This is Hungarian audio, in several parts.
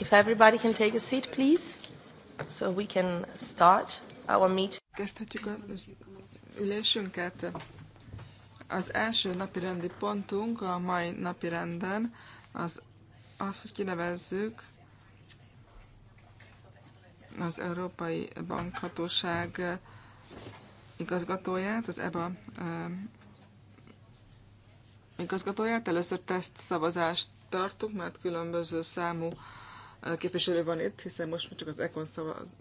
If everybody can take a seat, please, so we can start our meeting. Kezdhetjük az ülésünket. Az első napi rendi pontunk a mai napi renden az, az hogy kinevezzük az Európai Bankhatóság igazgatóját, az EBA igazgatóját. Először teszt szavazást tartunk, mert különböző számú képviselő van itt, hiszen most csak az ECON szavaz,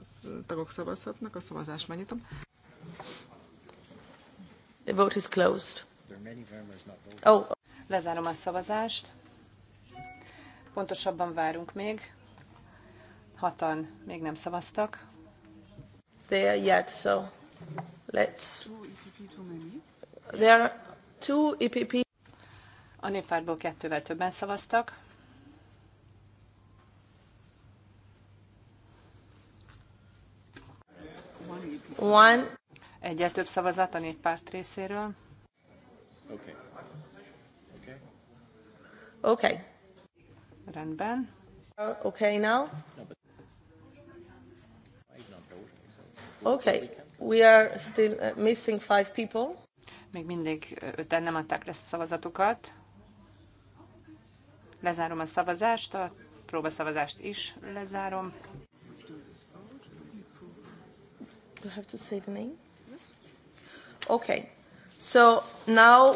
tagok szavazhatnak, a szavazás, megnyitom. The vote is closed. Oh. Lezárom a szavazást. Pontosabban várunk még. Hatan még nem szavaztak. They are yet, so let's... There are two EPP. A néppártból kettővel többen szavaztak. One. több szavazat a néppárt részéről. Okay. Okay. Okay. Rendben. Okay now? Okay. We are still uh, missing five people. Még mindig öten nem adták a szavazatukat. Lezárom a szavazást, a próbaszavazást is lezárom. You have to say the name? Okay. So now...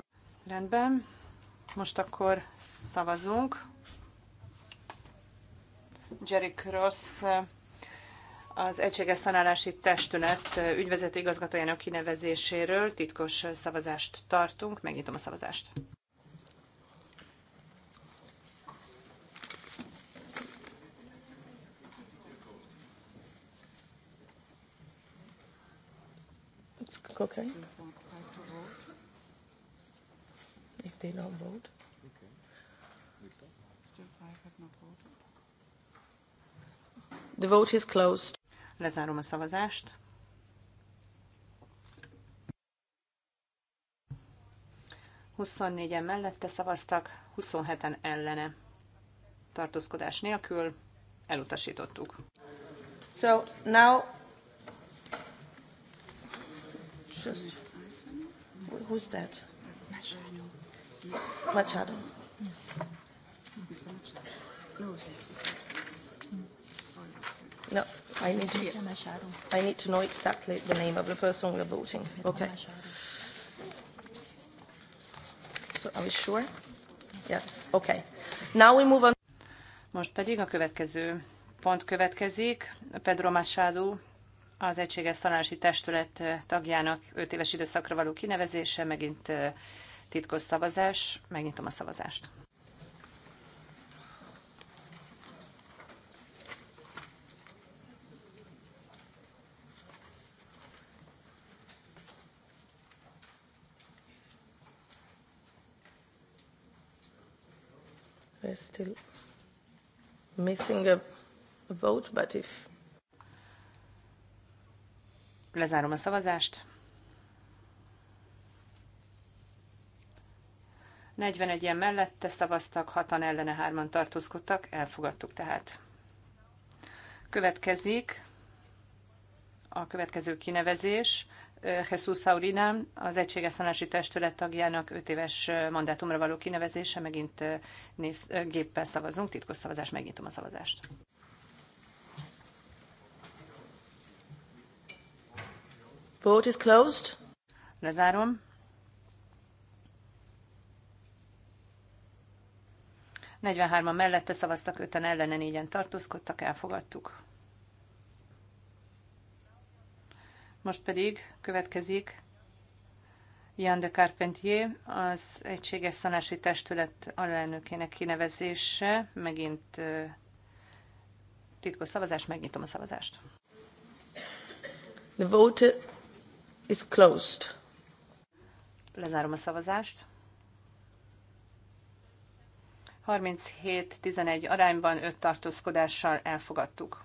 Rendben. Most akkor szavazunk. Jerry Cross az Egységes Tanálási Testület ügyvezető igazgatójának kinevezéséről titkos szavazást tartunk. Megnyitom a szavazást. Okay. If they don't vote. The vote is closed. Lezárom a szavazást. Huszonnégyen mellette szavaztak, 27-en ellene. Tartózkodás nélkül elutasítottuk. So now just, who's that? Machado. No, I need to. I need to know exactly the name of the person we are voting. Okay. So, are we sure? Yes. Okay. Now we move on. Most pedig a következő pont következik. Pedro Machado az Egységes Tanási Testület tagjának 5 éves időszakra való kinevezése, megint titkos szavazás. Megnyitom a szavazást. We're still missing a, a vote, but if Lezárom a szavazást. 41-en mellette szavaztak, 6-an ellene, 3-an tartózkodtak, elfogadtuk tehát. Következik a következő kinevezés. Jesús Saurina, az Egységes Szanási Testület tagjának 5 éves mandátumra való kinevezése, megint név, géppel szavazunk, titkos szavazás, megnyitom a szavazást. Vote is closed. Lezárom. Negyvenhárman mellette szavaztak, öten ellene négyen tartózkodtak, elfogadtuk. Most pedig következik Jan de Carpentier, az Egységes Szanási Testület alelnökének kinevezése. Megint titkos szavazás, megnyitom a szavazást. The vote is closed. Lezárom a szavazást. 37-11 arányban 5 tartózkodással elfogadtuk.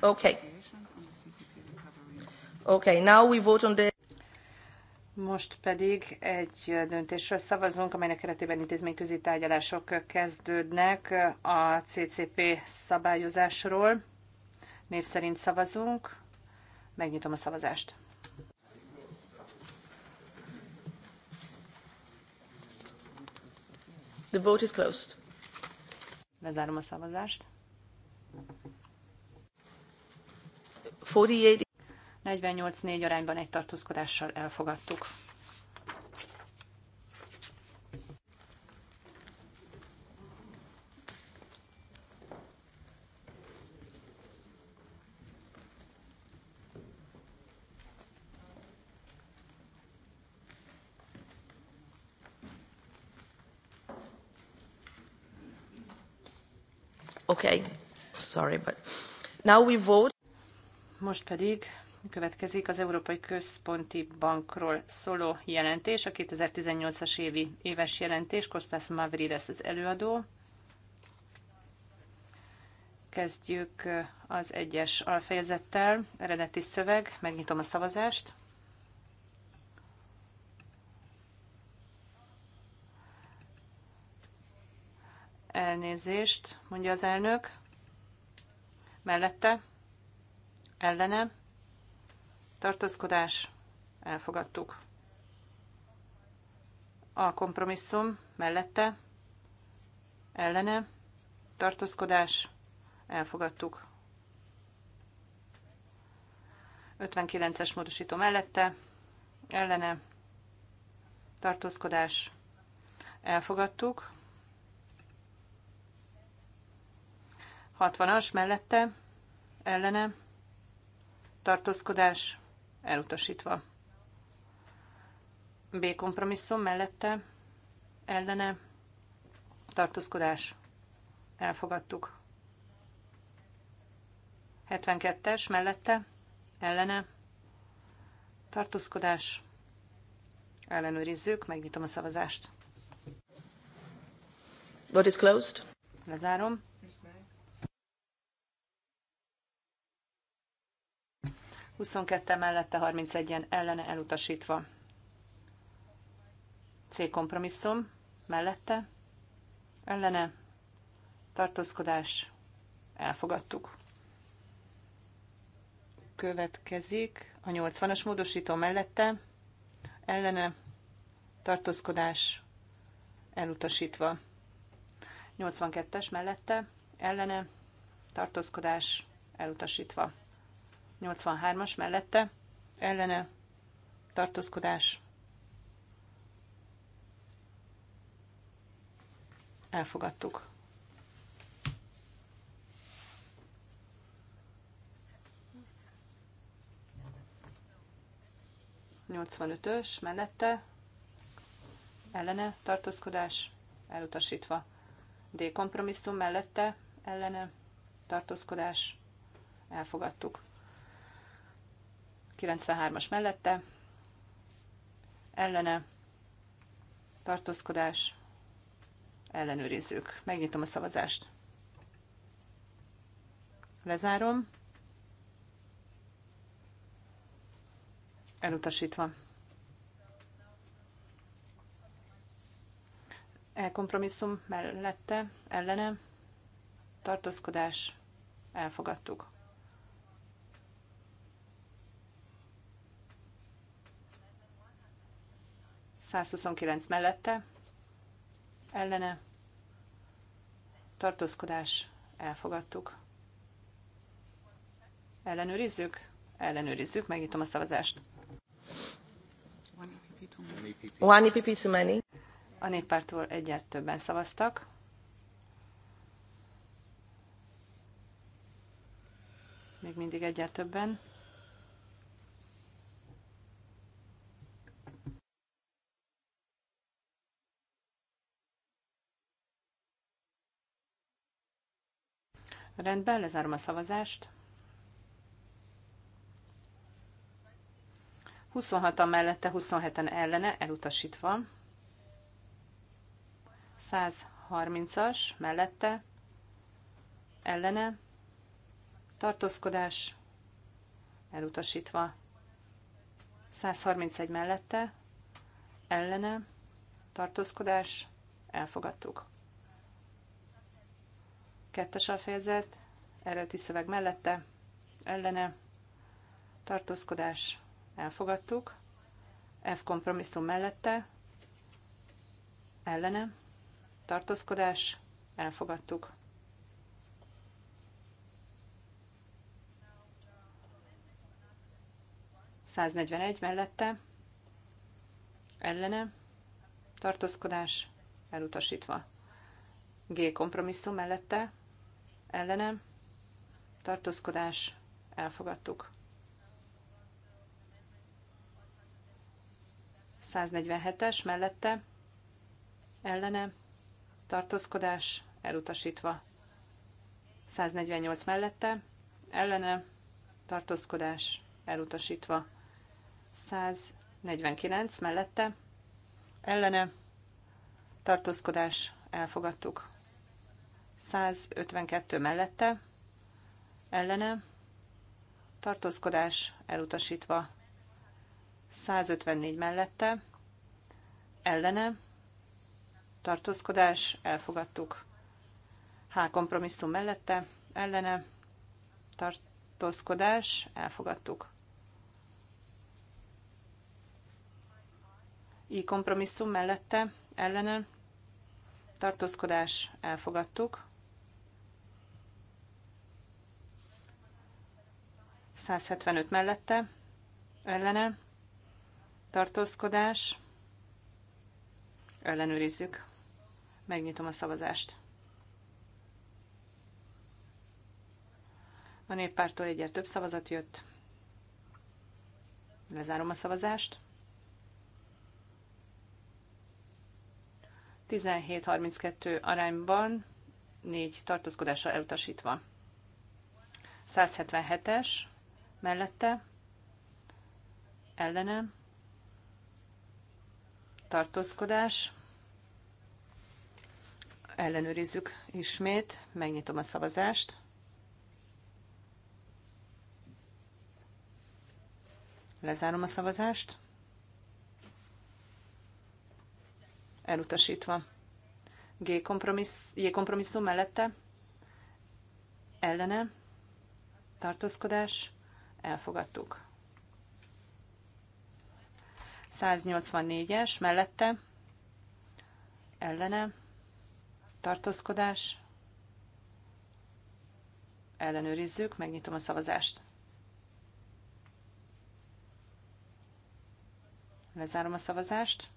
Okay. Okay, now we vote on the most pedig egy döntésről szavazunk, amelynek keretében intézményközi tárgyalások kezdődnek a CCP szabályozásról. Név szerint szavazunk. Megnyitom a szavazást. The vote is closed. Lezárom a szavazást. 48 48-4 arányban egy tartózkodással elfogadtuk. Okay, sorry, but now we vote. Most pedig Következik az Európai Központi Bankról szóló jelentés, a 2018-as évi éves jelentés. Kostas Mavrides az előadó. Kezdjük az egyes alfejezettel. Eredeti szöveg, megnyitom a szavazást. Elnézést, mondja az elnök. Mellette, ellene, tartózkodás, elfogadtuk. A kompromisszum mellette, ellene, tartózkodás, elfogadtuk. 59-es módosító mellette, ellene, tartózkodás, elfogadtuk. 60-as mellette, ellene, tartózkodás, elutasítva. B kompromisszum mellette, ellene, tartózkodás, elfogadtuk. 72-es mellette, ellene, tartózkodás, ellenőrizzük, megnyitom a szavazást. What is closed? Lezárom. 22 mellette 31-en ellene elutasítva. C kompromisszum mellette ellene tartózkodás elfogadtuk. Következik a 80-as módosító mellette ellene tartózkodás elutasítva. 82-es mellette ellene tartózkodás elutasítva. 83-as mellette ellene tartózkodás elfogadtuk. ös mellette ellene tartózkodás elutasítva. D kompromisszum mellette ellene tartózkodás elfogadtuk. 93-as mellette, ellene, tartózkodás, ellenőrizzük. Megnyitom a szavazást. Lezárom. Elutasítva. Elkompromisszum mellette, ellene, tartózkodás, elfogadtuk. 129 mellette, ellene, tartózkodás, elfogadtuk. Ellenőrizzük? Ellenőrizzük, megnyitom a szavazást. One EPP too many. A néppártól egyet többen szavaztak. Még mindig egyet többen. Rendben, lezárom a szavazást. 26-an mellette, 27-en ellene, elutasítva. 130-as mellette, ellene, tartózkodás, elutasítva. 131 mellette, ellene, tartózkodás, elfogadtuk. Kettes fejezet, eredeti szöveg mellette, ellene, tartózkodás, elfogadtuk. F kompromisszum mellette, ellene, tartózkodás, elfogadtuk. egy mellette, ellene, tartózkodás, elutasítva. G kompromisszum mellette, ellene, tartózkodás, elfogadtuk. 147-es mellette, ellene, tartózkodás, elutasítva. 148 mellette, ellene, tartózkodás, elutasítva. 149 mellette, ellene, tartózkodás, elfogadtuk. 152 mellette, ellene, tartózkodás elutasítva, 154 mellette, ellene, tartózkodás, elfogadtuk. H kompromisszum mellette, ellene, tartózkodás, elfogadtuk. I kompromisszum mellette, ellene, tartózkodás, elfogadtuk. 175 mellette, ellene, tartózkodás, ellenőrizzük. Megnyitom a szavazást. A néppártól egyre több szavazat jött. Lezárom a szavazást. 17-32 arányban, 4 tartózkodásra elutasítva. 177-es mellette, ellene, tartózkodás, ellenőrizzük ismét, megnyitom a szavazást. Lezárom a szavazást. Elutasítva. G kompromissz, J kompromisszum mellette. Ellene. Tartózkodás elfogadtuk. 184-es mellette ellene tartózkodás ellenőrizzük, megnyitom a szavazást. Lezárom a szavazást.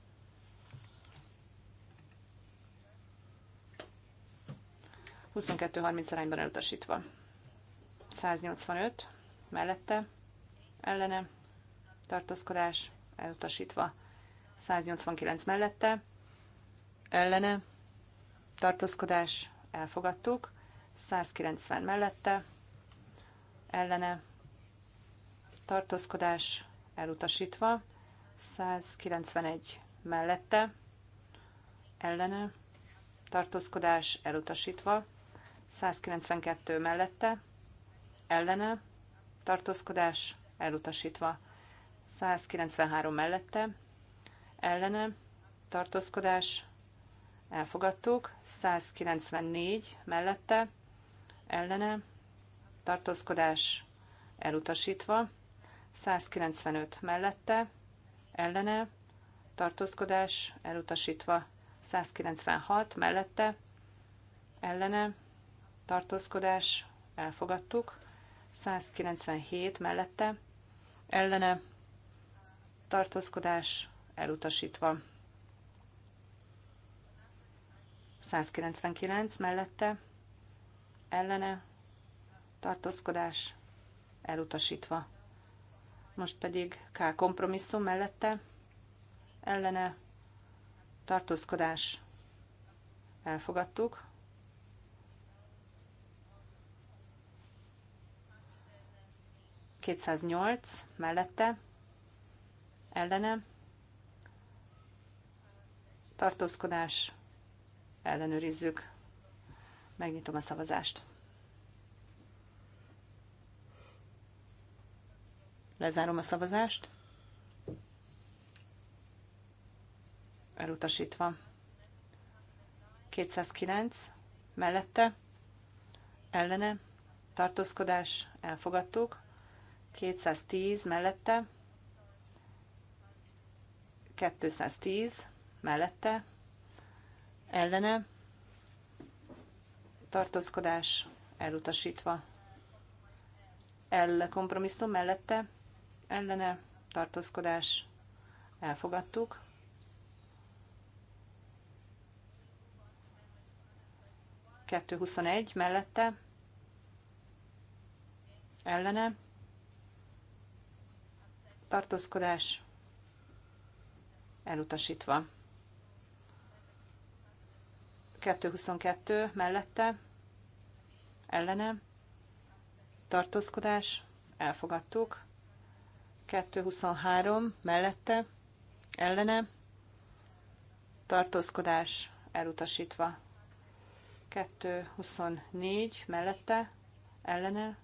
Huszonkettő harminc arányban elutasítva. 185 mellette, ellene, tartózkodás elutasítva. 189 mellette, ellene, tartózkodás elfogadtuk. 190 mellette, ellene, tartózkodás elutasítva. 191 mellette, ellene, tartózkodás elutasítva, 192 mellette, ellene, tartózkodás elutasítva. 193 mellette, ellene, tartózkodás elfogadtuk. 194 mellette, ellene, tartózkodás elutasítva. 195 mellette, ellene, tartózkodás elutasítva. 196 mellette, ellene, tartózkodás elfogadtuk. 197 mellette ellene tartózkodás elutasítva. 199 mellette ellene tartózkodás elutasítva. Most pedig K kompromisszum mellette ellene tartózkodás elfogadtuk. 208 mellette, ellene, tartózkodás, ellenőrizzük, megnyitom a szavazást. Lezárom a szavazást. Elutasítva. 209 mellette, ellene, tartózkodás, elfogadtuk. 210 mellette, 210 mellette, ellene, tartózkodás elutasítva, el kompromisszum mellette, ellene, tartózkodás elfogadtuk. Kettő mellette, ellene, tartózkodás elutasítva. 222 mellette ellene tartózkodás elfogadtuk. 223 mellette ellene tartózkodás elutasítva. 224 mellette ellene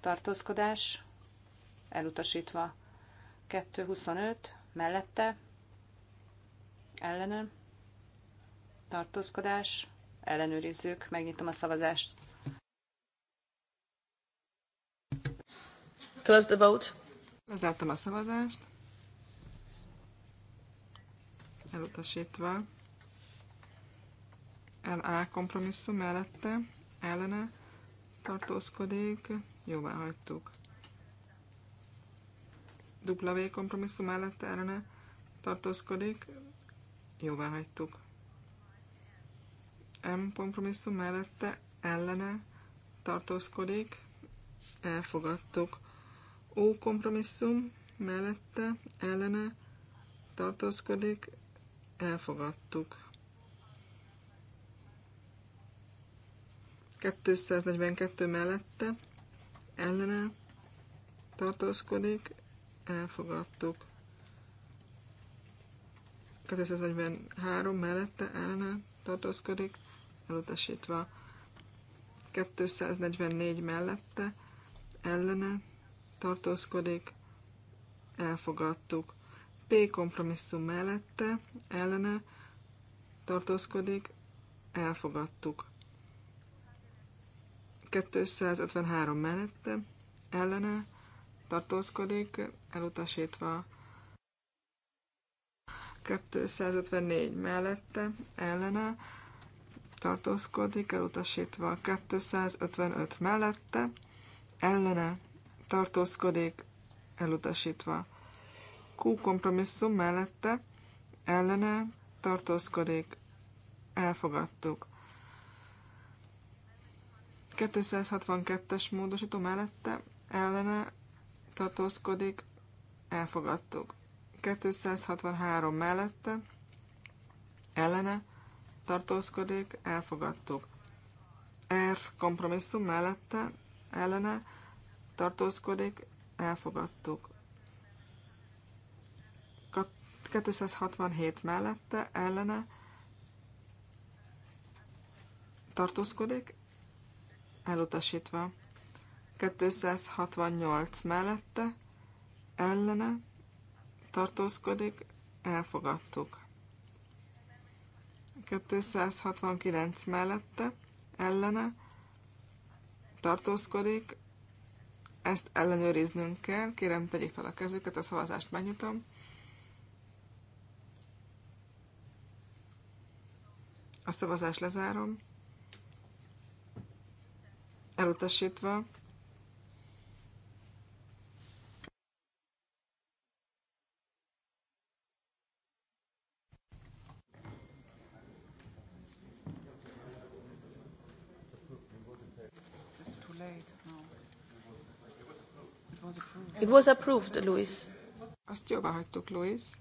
tartózkodás elutasítva. 225 mellette, ellene, tartózkodás, ellenőrizzük, megnyitom a szavazást. Close the vote. Lezártam a szavazást. Elutasítva. LA kompromisszum mellette, ellene tartózkodik, jóvá hagytuk. W kompromisszum mellette ellene tartózkodik, jóvá hagytuk. M kompromisszum mellette ellene tartózkodik, elfogadtuk. O kompromisszum mellette ellene tartózkodik, elfogadtuk. 242 mellette ellene tartózkodik, elfogadtuk. 243 mellette ellene tartózkodik, elutasítva. 244 mellette ellene tartózkodik, elfogadtuk. P kompromisszum mellette ellene tartózkodik, elfogadtuk. 253 mellette ellene tartózkodik, elutasítva 254 mellette, ellene, tartózkodik, elutasítva 255 mellette, ellene, tartózkodik, elutasítva. Q kompromisszum mellette, ellene, tartózkodik, elfogadtuk. 262-es módosító mellette, ellene, tartózkodik, elfogadtuk. 263 mellette, ellene, tartózkodik, elfogadtuk. R kompromisszum mellette, ellene, tartózkodik, elfogadtuk. 267 mellette, ellene, tartózkodik, elutasítva. 268 mellette, ellene, tartózkodik, elfogadtuk. 269 mellette, ellene, tartózkodik, ezt ellenőriznünk kell. Kérem, tegyék fel a kezüket, a szavazást megnyitom. A szavazást lezárom. Elutasítva. It was approved, Louis. Azt jóvá hagytuk, Louis.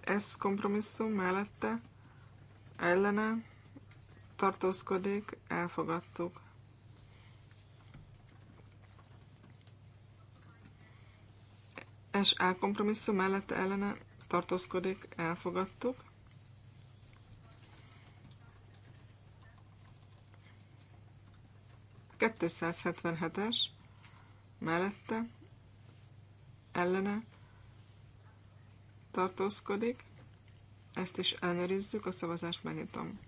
Ez kompromisszum mellette ellene tartózkodik, elfogadtuk. És elkompromisszum kompromisszum mellette ellene tartózkodik, elfogadtuk. 277-es mellette ellene tartózkodik. Ezt is ellenőrizzük, a szavazást megnyitom.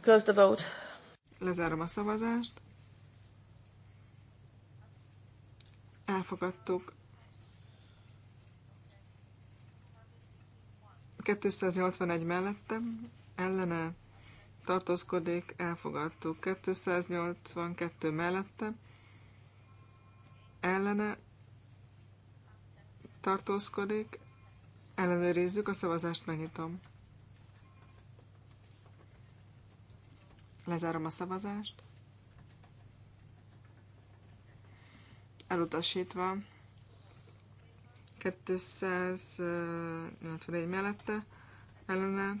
Close the vote. Lezárom a szavazást. Elfogadtuk. 281 mellettem, ellene tartózkodék elfogadtuk. 282 mellette, ellene tartózkodik, ellenőrizzük, a szavazást megnyitom. Lezárom a szavazást. Elutasítva. 281 mellette ellene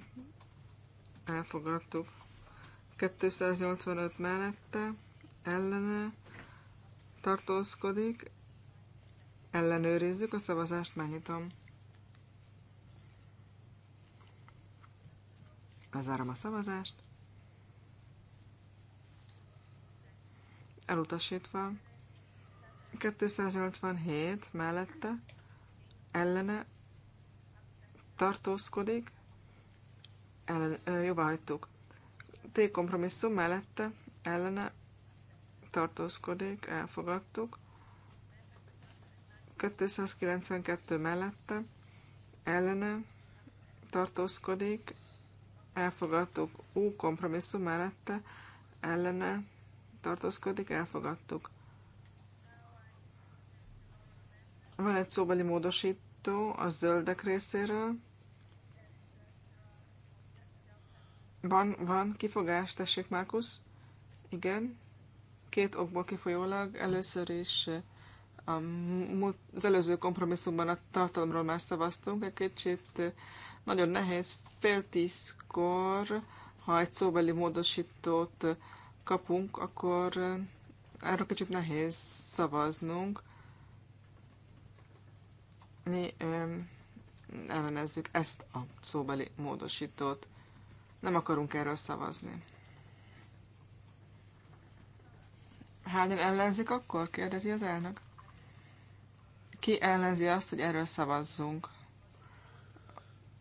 elfogadtuk. 285 mellette ellene tartózkodik. Ellenőrizzük a szavazást, megnyitom. Lezárom a szavazást. Elutasítva. 287 mellette ellene tartózkodik. Ellen, ö, hagytuk. T kompromisszum mellette ellene tartózkodik, elfogadtuk. 292 mellette ellene tartózkodik, elfogadtuk. U kompromisszum mellette ellene tartózkodik, elfogadtuk. Van egy szóbeli módosító a zöldek részéről. Van, van kifogás, tessék, Márkusz. Igen. Két okból kifolyólag. Először is eh, a, az előző kompromisszumban a tartalomról már szavaztunk. Egy kicsit eh, nagyon nehéz fél tízkor, ha egy szóbeli módosítót eh, kapunk, akkor erről kicsit nehéz szavaznunk. Mi ellenezzük ezt a szóbeli módosítót. Nem akarunk erről szavazni. Hányan ellenzik akkor? kérdezi az elnök. Ki ellenzi azt, hogy erről szavazzunk?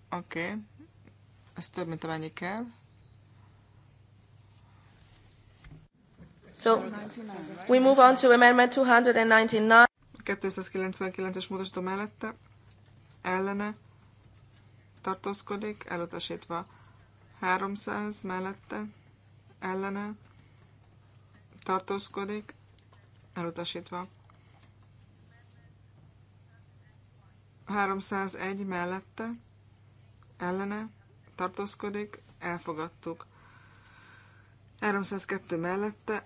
Oké. Okay. Ez több, mint amennyi kell. So, we move on to amendment 299. 299-es módosító mellette ellene tartózkodik, elutasítva 300 mellette ellene tartózkodik, elutasítva. 301 mellette ellene tartózkodik, elfogadtuk. 302 mellette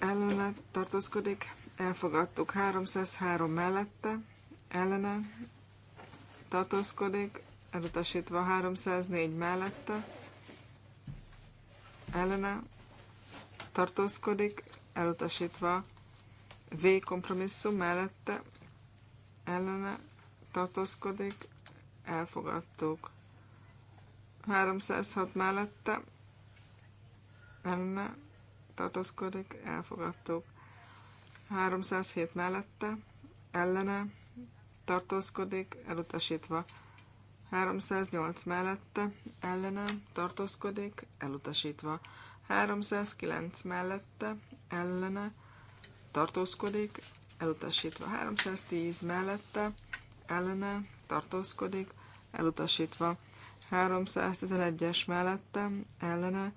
ellene tartózkodik, elfogadtuk. 303 mellette ellene tartózkodik, elutasítva 304 mellette, ellene tartózkodik, elutasítva V kompromisszum mellette, ellene tartózkodik, elfogadtuk. 306 mellette, ellene tartózkodik, elfogadtuk. 307 mellette, ellene tartózkodik, elutasítva. 308 mellette ellenem tartózkodik, elutasítva. 309 mellette ellene tartózkodik, elutasítva. 310 mellette ellene tartózkodik, elutasítva. 311-es mellette ellene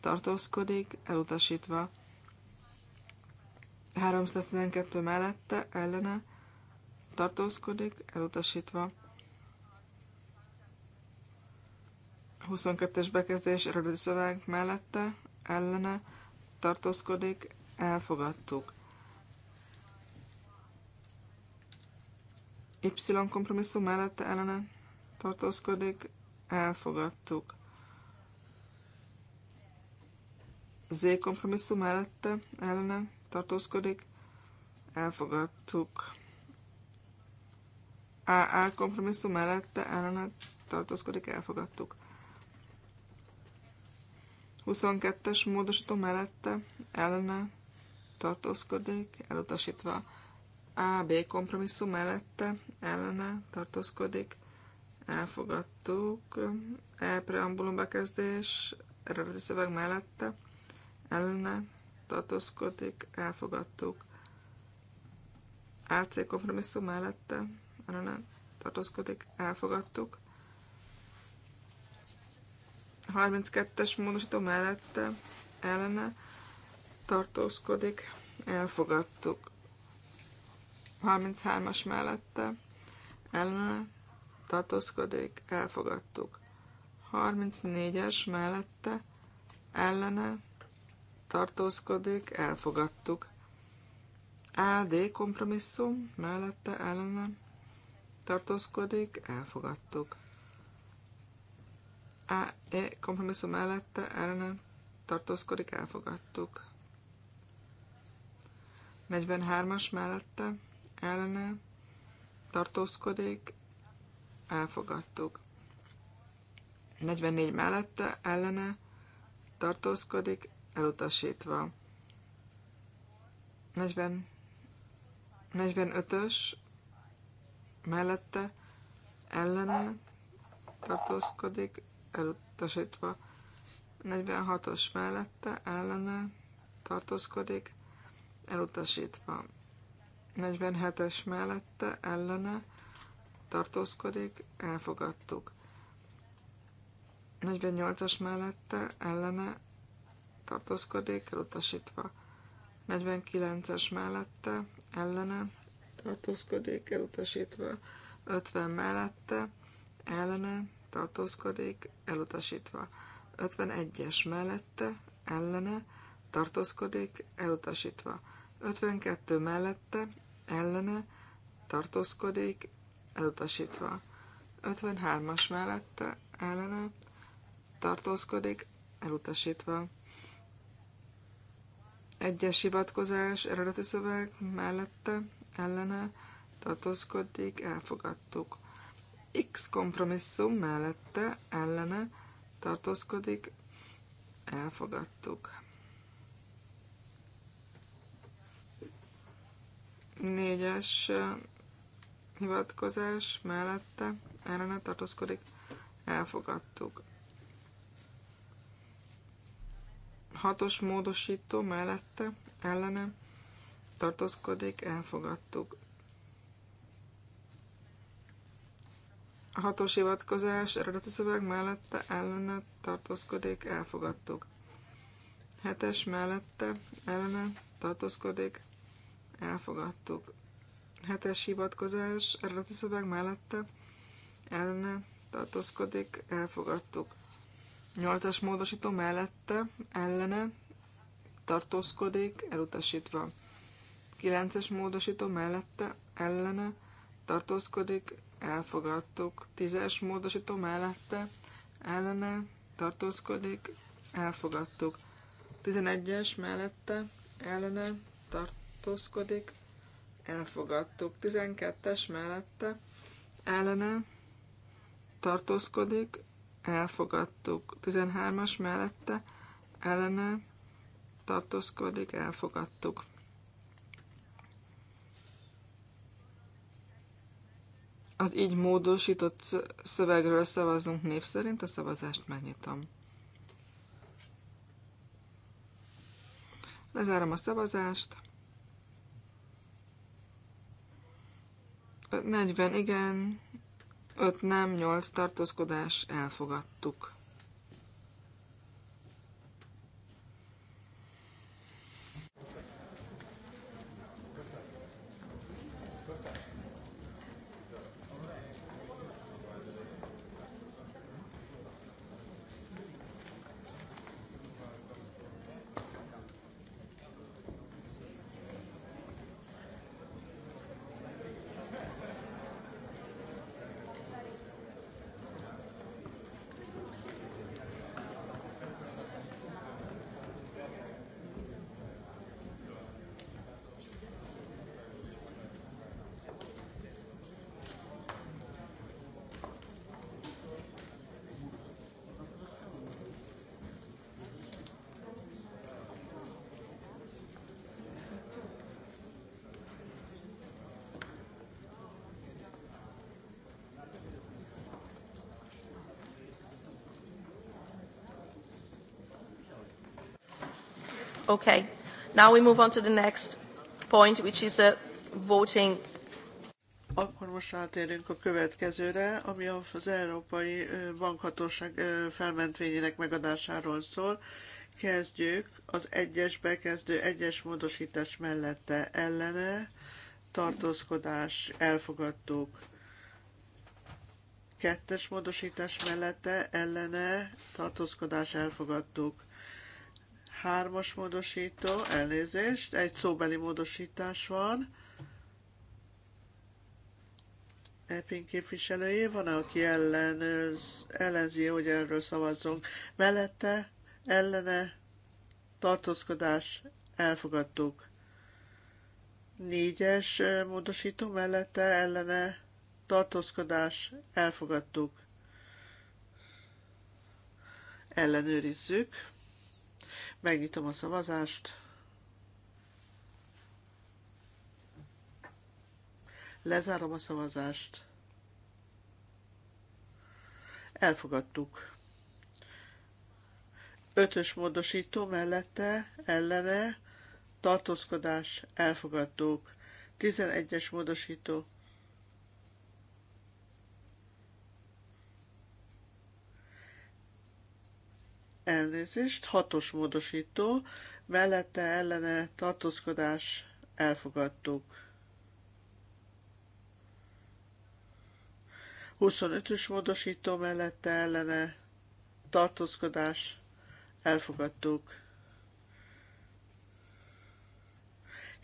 tartózkodik, elutasítva. 312 mellette ellene tartózkodik, elutasítva. 22-es bekezdés eredeti szöveg mellette, ellene tartózkodik, elfogadtuk. Y kompromisszum mellette ellene tartózkodik, elfogadtuk. Z kompromisszum mellette ellene tartózkodik, elfogadtuk. AA kompromisszum mellette ellene tartózkodik, elfogadtuk. 22-es módosító mellette ellene tartózkodik, elutasítva A, B kompromisszum mellette ellene tartózkodik, elfogadtuk, E preambulum bekezdés eredeti szöveg mellette ellene tartózkodik, elfogadtuk, AC kompromisszum mellette ellene tartózkodik, elfogadtuk, 32-es módosító mellette ellene tartózkodik, elfogadtuk. 33-as mellette ellene tartózkodik, elfogadtuk. 34-es mellette ellene tartózkodik, elfogadtuk. AD kompromisszum mellette ellene tartózkodik, elfogadtuk. A e kompromisszum mellette ellene tartózkodik, elfogadtuk. 43-as mellette ellene tartózkodik, elfogadtuk. 44 mellette ellene tartózkodik, elutasítva. 40, 45-ös mellette ellene tartózkodik, elutasítva. 46-os mellette ellene tartózkodik, elutasítva. 47-es mellette ellene tartózkodik, elfogadtuk. 48-as mellette ellene tartózkodik, elutasítva. 49-es mellette ellene tartózkodik, elutasítva. 50 mellette ellene tartózkodik, elutasítva. 51-es mellette, ellene, tartózkodik, elutasítva. 52 mellette, ellene, tartózkodik, elutasítva. 53-as mellette, ellene, tartózkodik, elutasítva. Egyes hivatkozás, eredeti szöveg mellette, ellene, tartózkodik, elfogadtuk. X kompromisszum mellette ellene tartózkodik, elfogadtuk. Négyes hivatkozás mellette ellene tartózkodik, elfogadtuk. Hatos módosító mellette ellene tartózkodik, elfogadtuk. A hatos hivatkozás eredeti szöveg mellette ellene tartózkodik, elfogadtuk. Hetes mellette ellene tartózkodik, elfogadtuk. Hetes hivatkozás eredeti szöveg mellette ellene tartózkodik, elfogadtuk. Nyolcas módosító mellette ellene tartózkodik, elutasítva. Kilences módosító mellette ellene tartózkodik, elfogadtuk. Tízes módosító mellette ellene tartózkodik, elfogadtuk. Tizenegyes mellette ellene tartózkodik, elfogadtuk. Tizenkettes mellette ellene tartózkodik, elfogadtuk. Tizenhármas mellette ellene tartózkodik, elfogadtuk. Az így módosított szövegről szavazunk név szerint, a szavazást megnyitom. Lezárom a szavazást. 40 igen, 5 nem, 8 tartózkodás, elfogadtuk. Okay. Now we move on to the next point, which is a uh, voting akkor most átérünk a következőre, ami az Európai Bankhatóság felmentvényének megadásáról szól. Kezdjük az egyes bekezdő egyes módosítás mellette ellene, tartózkodás elfogadtuk. Kettes módosítás mellette ellene, tartózkodás elfogadtuk. Hármas módosító, elnézést, egy szóbeli módosítás van. Epping képviselője van, aki ellenőz, ellenzi, hogy erről szavazzunk. Mellette, ellene, tartózkodás, elfogadtuk. Négyes módosító mellette, ellene, tartózkodás, elfogadtuk. Ellenőrizzük. Megnyitom a szavazást. Lezárom a szavazást. Elfogadtuk. Ötös módosító mellette, ellene, tartózkodás, elfogadtuk. 11-es módosító elnézést, hatos módosító, mellette ellene tartózkodás elfogadtuk. 25-ös módosító mellette ellene tartózkodás elfogadtuk.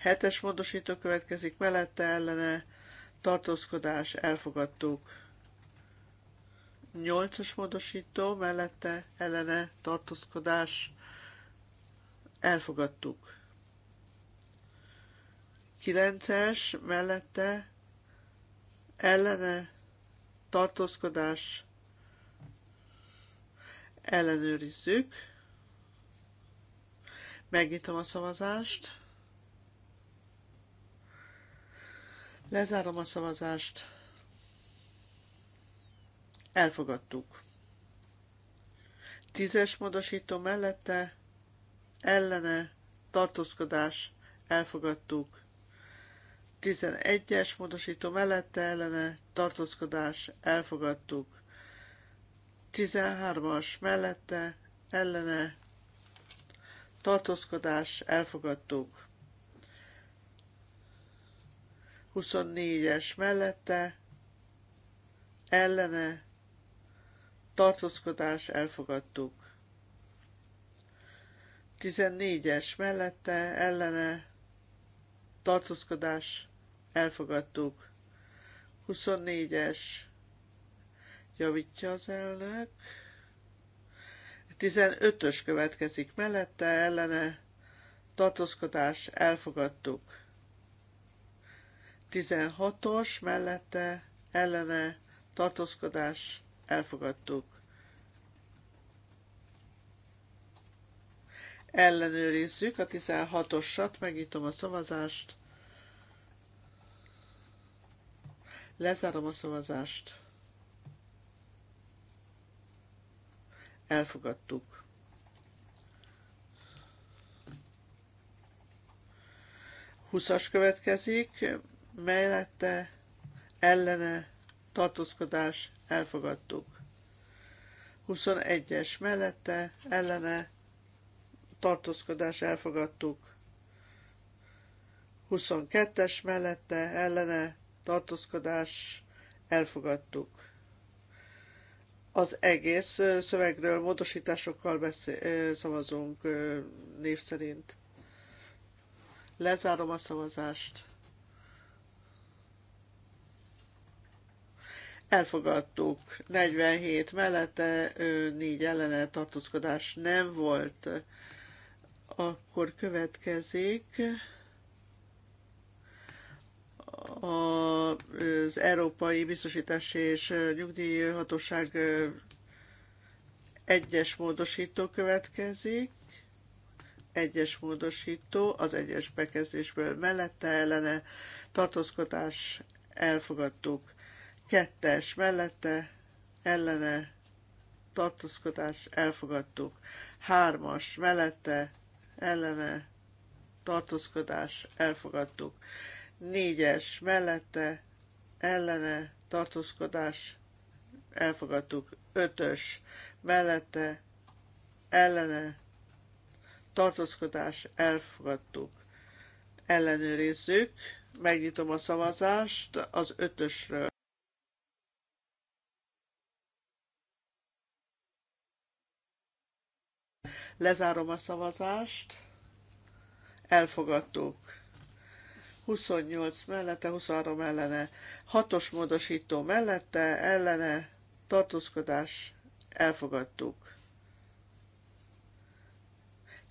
7-es módosító következik mellette ellene tartózkodás elfogadtuk. 8-as módosító mellette ellene tartózkodás elfogadtuk. 9-es mellette ellene tartózkodás ellenőrizzük. Megnyitom a szavazást. Lezárom a szavazást. Elfogadtuk. Tízes módosító mellette, ellene, tartózkodás, elfogadtuk. Tizenegyes modosító módosító mellette ellene tartózkodás elfogadtuk. Tizenhármas mellette ellene tartózkodás elfogadtuk. 24-es mellette ellene tartózkodás elfogadtuk. 14-es mellette ellene tartózkodás elfogadtuk. 24-es javítja az elnök. 15-ös következik mellette ellene tartózkodás elfogadtuk. 16-os mellette ellene tartózkodás elfogadtuk. Ellenőrizzük a 16-osat, megnyitom a szavazást. Lezárom a szavazást. Elfogadtuk. Huszas következik, mellette, ellene, tartózkodás, elfogadtuk. 21-es mellette, ellene, tartózkodás, elfogadtuk. 22-es mellette, ellene, tartózkodás, elfogadtuk. Az egész szövegről módosításokkal beszél, szavazunk név szerint. Lezárom a szavazást. Elfogadtuk. 47 mellette, 4 ellene tartózkodás nem volt. Akkor következik az Európai Biztosítási és Nyugdíjhatóság egyes módosító következik. Egyes módosító az egyes bekezdésből mellette ellene tartózkodás elfogadtuk. Kettes mellette ellene tartózkodás elfogadtuk. Hármas mellette ellene tartózkodás elfogadtuk. Négyes mellette ellene tartózkodás elfogadtuk. Ötös mellette ellene tartózkodás elfogadtuk. Ellenőrizzük, megnyitom a szavazást az ötösről. Lezárom a szavazást. Elfogadtuk. 28 mellette, 23 ellene. 6-os módosító mellette, ellene, tartózkodás, elfogadtuk.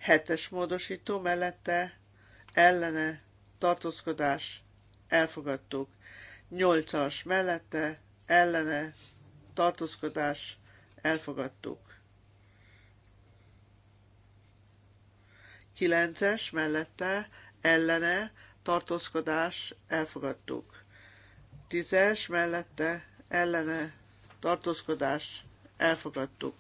7-es módosító mellette, ellene, tartózkodás, elfogadtuk. 8-as mellette, ellene, tartózkodás, elfogadtuk. 9-es mellette ellene tartózkodás elfogadtuk. 10-es mellette ellene tartózkodás elfogadtuk.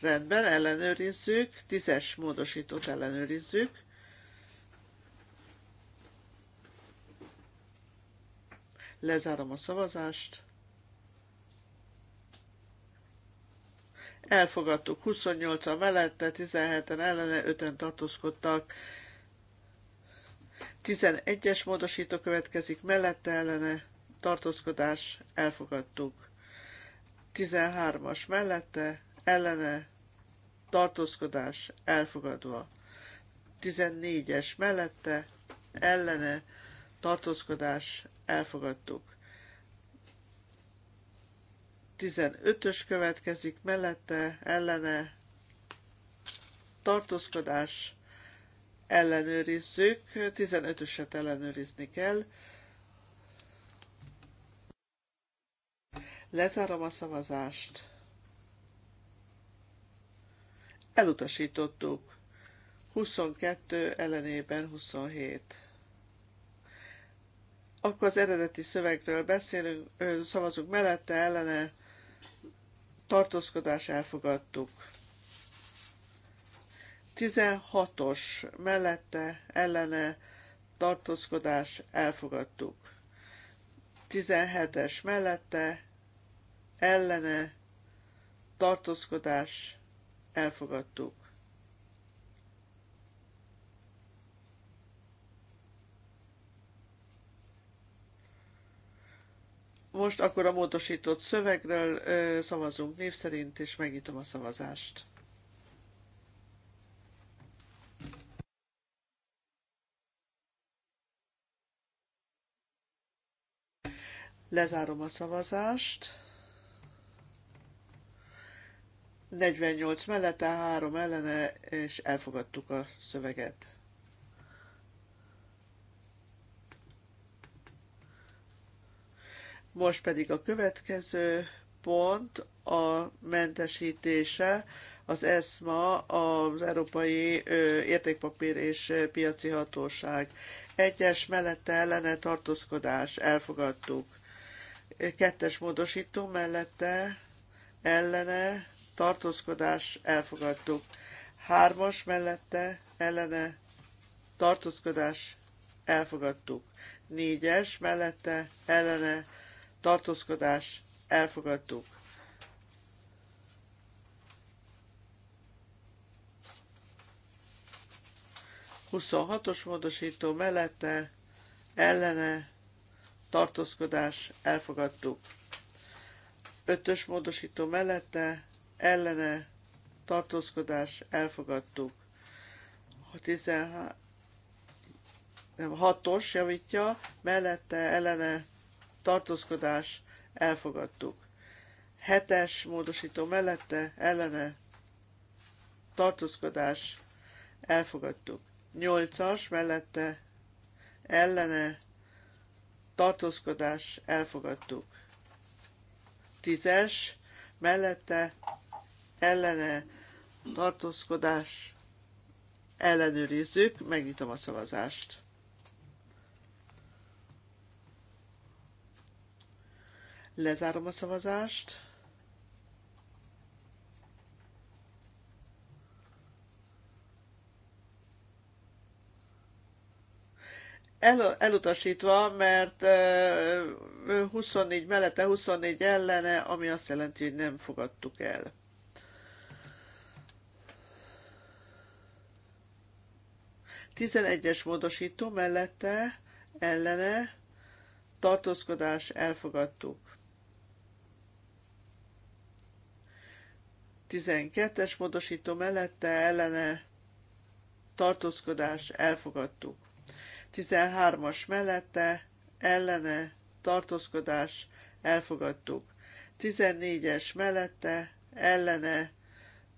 Rendben, ellenőrizzük, 10-es módosítót ellenőrizzük. Lezárom a szavazást. Elfogadtuk 28-a mellette, 17-en ellene, 5-en tartózkodtak. 11-es módosító következik mellette ellene, tartózkodás, elfogadtuk. 13-as mellette, ellene, tartózkodás, elfogadva. 14-es mellette, ellene, tartózkodás, elfogadtuk. 15-ös következik, mellette, ellene, tartózkodás, ellenőrizzük, 15-öset ellenőrizni kell. Lezárom a szavazást. Elutasítottuk. 22 ellenében 27. Akkor az eredeti szövegről beszélünk, szavazunk mellette, ellene, tartózkodás elfogadtuk. 16-os mellette ellene tartózkodás elfogadtuk. 17-es mellette ellene tartózkodás elfogadtuk. Most akkor a módosított szövegről szavazunk név szerint, és megnyitom a szavazást. Lezárom a szavazást. 48 mellette, 3 ellene, és elfogadtuk a szöveget. Most pedig a következő pont a mentesítése az ESMA, az Európai Értékpapír és Piaci Hatóság. Egyes mellette ellene tartózkodás, elfogadtuk. Kettes módosító mellette ellene tartózkodás, elfogadtuk. Hármas mellette ellene tartózkodás, elfogadtuk. Négyes mellette ellene tartózkodás, elfogadtuk. Huszonhatos módosító mellette, ellene, tartózkodás, elfogadtuk. Ötös módosító mellette, ellene, tartózkodás, elfogadtuk. A 16 nem, hatos javítja, mellette ellene tartózkodás, elfogadtuk. Hetes módosító mellette, ellene, tartózkodás, elfogadtuk. Nyolcas mellette, ellene, tartózkodás, elfogadtuk. Tízes mellette, ellene, tartózkodás, ellenőrizzük, megnyitom a szavazást. Lezárom a szavazást. el, elutasítva, mert 24 mellette, 24 ellene, ami azt jelenti, hogy nem fogadtuk el. Tizenegyes módosító mellette, ellene, tartózkodás, elfogadtuk. 12-es módosító mellette ellene tartózkodás elfogadtuk. 13-as mellette ellene tartózkodás elfogadtuk. 14-es mellette ellene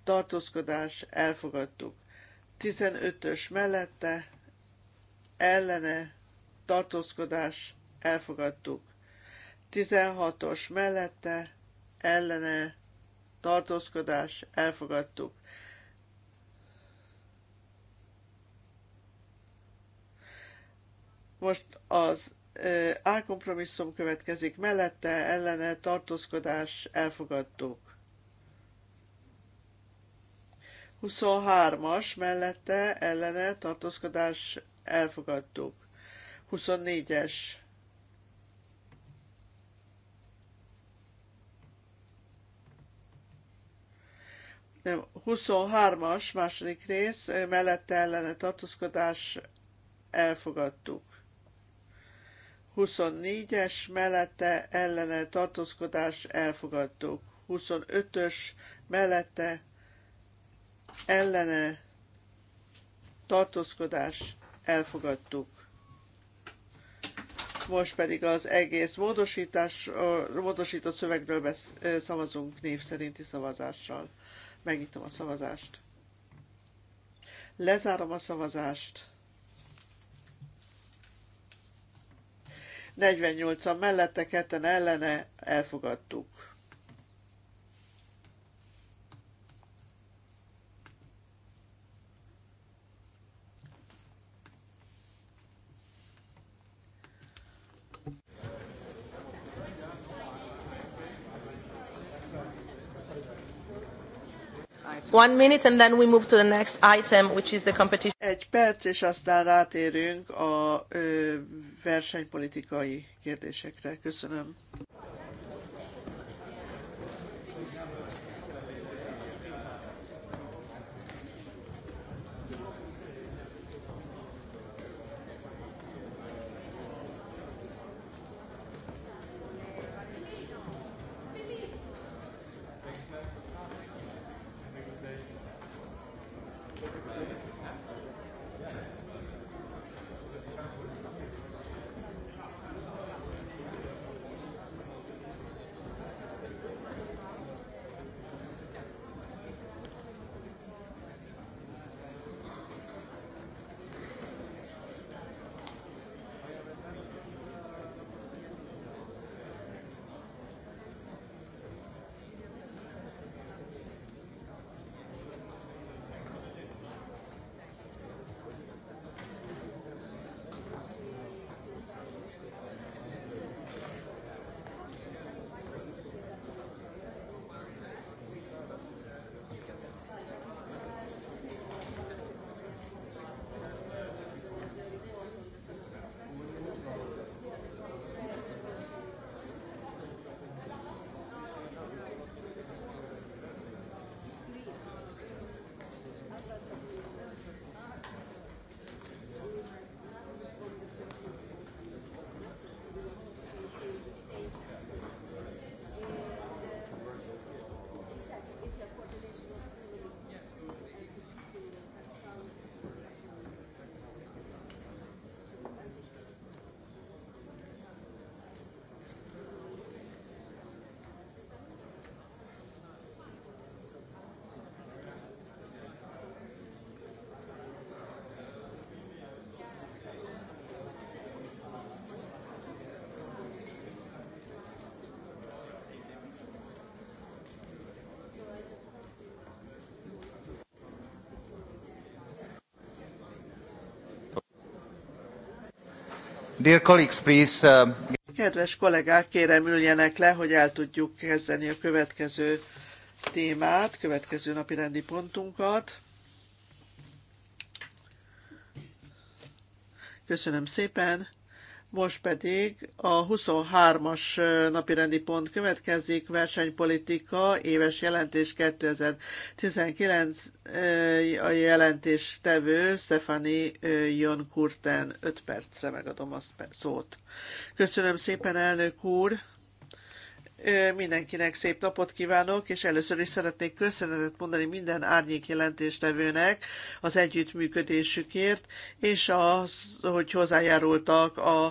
tartózkodás elfogadtuk. 15-ös mellette ellene tartózkodás elfogadtuk. 16-os mellette ellene tartózkodás, elfogadtuk. Most az álkompromisszum következik mellette, ellene tartózkodás, elfogadtuk. 23-as mellette, ellene tartózkodás, elfogadtuk. 24-es nem, 23-as második rész eh, mellette ellene tartózkodás elfogadtuk. 24-es mellette ellene tartózkodás elfogadtuk. 25-ös mellette ellene tartózkodás elfogadtuk. Most pedig az egész módosítás, módosított szövegről besz, eh, szavazunk név szerinti szavazással. Megnyitom a szavazást. Lezárom a szavazást. 48-an mellette, ketten ellene elfogadtuk. One minute and then we move to the next item, which is the competition. Egy perc, és aztán rátérünk a ö, versenypolitikai kérdésekre. Köszönöm. Dear colleagues, please. Uh... Kedves kollégák, kérem üljenek le, hogy el tudjuk kezdeni a következő témát, következő napi rendi pontunkat. Köszönöm szépen. Most pedig a 23-as napirendi pont következik, versenypolitika, éves jelentés 2019, a jelentés tevő Stefani Jön Kurten, 5 percre megadom a szót. Köszönöm szépen, elnök úr! Mindenkinek szép napot kívánok, és először is szeretnék köszönetet mondani minden árnyék jelentéstevőnek az együttműködésükért, és az, hogy hozzájárultak a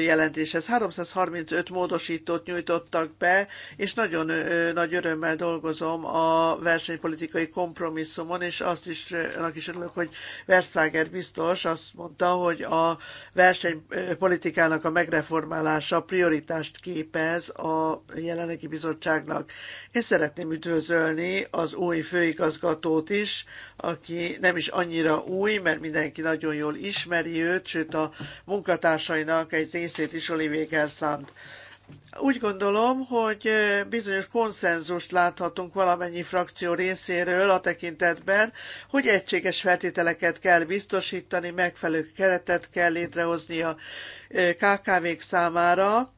jelentéshez. 335 módosítót nyújtottak be, és nagyon nagy örömmel dolgozom a versenypolitikai kompromisszumon, és azt is, annak is örülök, hogy Verszáger biztos azt mondta, hogy a versenypolitikának a megreformálása prioritást képez a jelenlegi bizottságnak. Én szeretném üdvözölni az új főigazgatót is, aki nem is annyira új, mert mindenki nagyon jól ismeri őt, sőt a munkatársainak egy részét is Oliver szánt. úgy gondolom, hogy bizonyos konszenzust láthatunk valamennyi frakció részéről a tekintetben, hogy egységes feltételeket kell biztosítani, megfelelő keretet kell létrehozni a eh, KKV-k számára,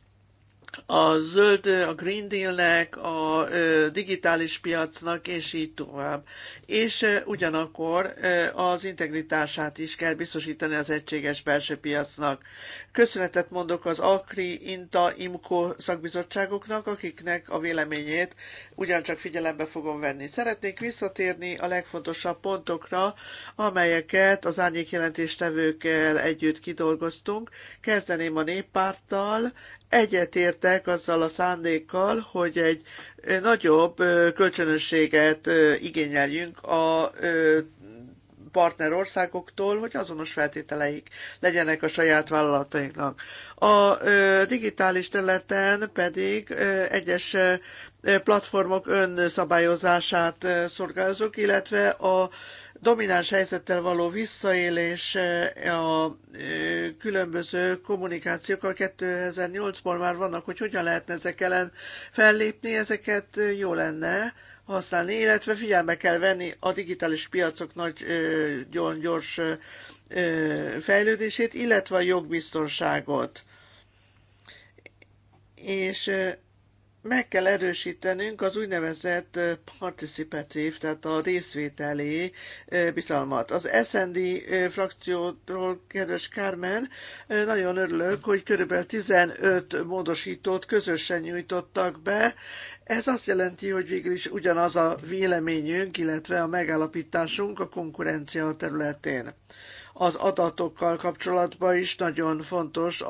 a zöld, a Green Dealnek, a digitális piacnak, és így tovább. És ugyanakkor az integritását is kell biztosítani az egységes belső piacnak. Köszönetet mondok az AKRI, INTA, IMCO szakbizottságoknak, akiknek a véleményét ugyancsak figyelembe fogom venni. Szeretnék visszatérni a legfontosabb pontokra, amelyeket az árnyék jelentéstevőkkel együtt kidolgoztunk. Kezdeném a néppárttal, egyetértek azzal a szándékkal, hogy egy nagyobb kölcsönösséget igényeljünk a partnerországoktól, hogy azonos feltételeik legyenek a saját vállalatainknak. A digitális területen pedig egyes platformok önszabályozását szorgalmazok, illetve a domináns helyzettel való visszaélés, e, a e, különböző kommunikációk a 2008-ban már vannak, hogy hogyan lehetne ezek ellen fellépni, ezeket jó lenne használni, illetve figyelme kell venni a digitális piacok nagy e, gyors fejlődését, illetve a jogbiztonságot. És meg kell erősítenünk az úgynevezett participatív, tehát a részvételi bizalmat. Az SND frakcióról, kedves Kármen, nagyon örülök, hogy körülbelül 15 módosítót közösen nyújtottak be. Ez azt jelenti, hogy végül is ugyanaz a véleményünk, illetve a megállapításunk a konkurencia területén az adatokkal kapcsolatban is nagyon fontos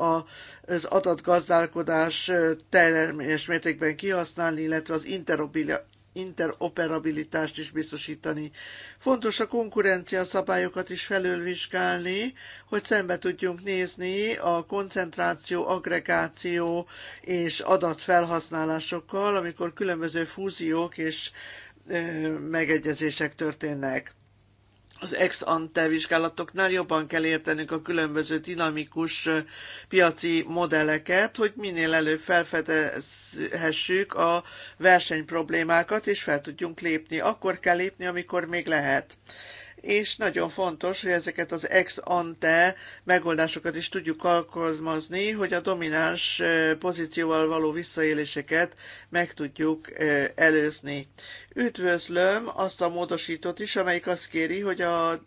az adatgazdálkodás teljes mértékben kihasználni, illetve az interoperabilitást is biztosítani. Fontos a konkurencia szabályokat is felülvizsgálni, hogy szembe tudjunk nézni a koncentráció, agregáció és adatfelhasználásokkal, amikor különböző fúziók és megegyezések történnek az ex ante vizsgálatoknál jobban kell értenünk a különböző dinamikus piaci modelleket, hogy minél előbb felfedezhessük a versenyproblémákat, és fel tudjunk lépni. Akkor kell lépni, amikor még lehet és nagyon fontos, hogy ezeket az ex ante megoldásokat is tudjuk alkalmazni, hogy a domináns pozícióval való visszaéléseket meg tudjuk előzni. Üdvözlöm azt a módosítót is, amelyik azt kéri, hogy a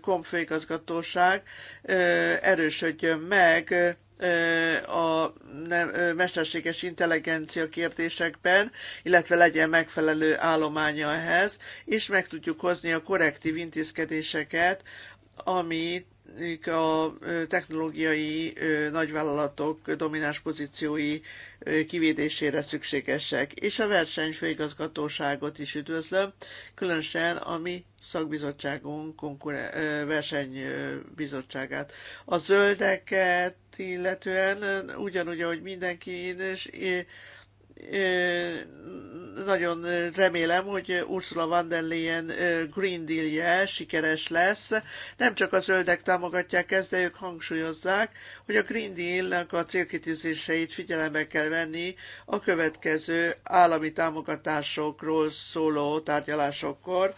komfőigazgatóság erősödjön meg a mesterséges intelligencia kérdésekben, illetve legyen megfelelő állománya ehhez, és meg tudjuk hozni a korrektív intézkedéseket, amit a technológiai nagyvállalatok domináns pozíciói kivédésére szükségesek, és a versenyfőigazgatóságot is üdvözlöm, különösen a mi szakbizottságunk konkuren- versenybizottságát. A zöldeket illetően ugyanúgy, ahogy mindenki, és nagyon remélem, hogy Ursula von der Leyen Green Deal-je sikeres lesz. Nem csak a zöldek támogatják ezt, de ők hangsúlyozzák, hogy a Green Deal-nek a célkitűzéseit figyelembe kell venni a következő állami támogatásokról szóló tárgyalásokkor,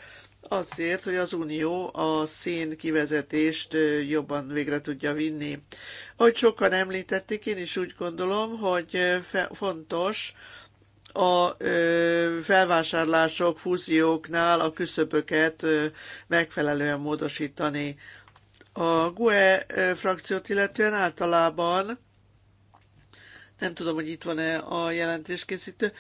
azért, hogy az Unió a szén kivezetést jobban végre tudja vinni. Ahogy sokan említették, én is úgy gondolom, hogy fontos a felvásárlások, fúzióknál a küszöböket megfelelően módosítani. A GUE frakciót illetően általában nem tudom, hogy itt van-e a jelentéskészítő.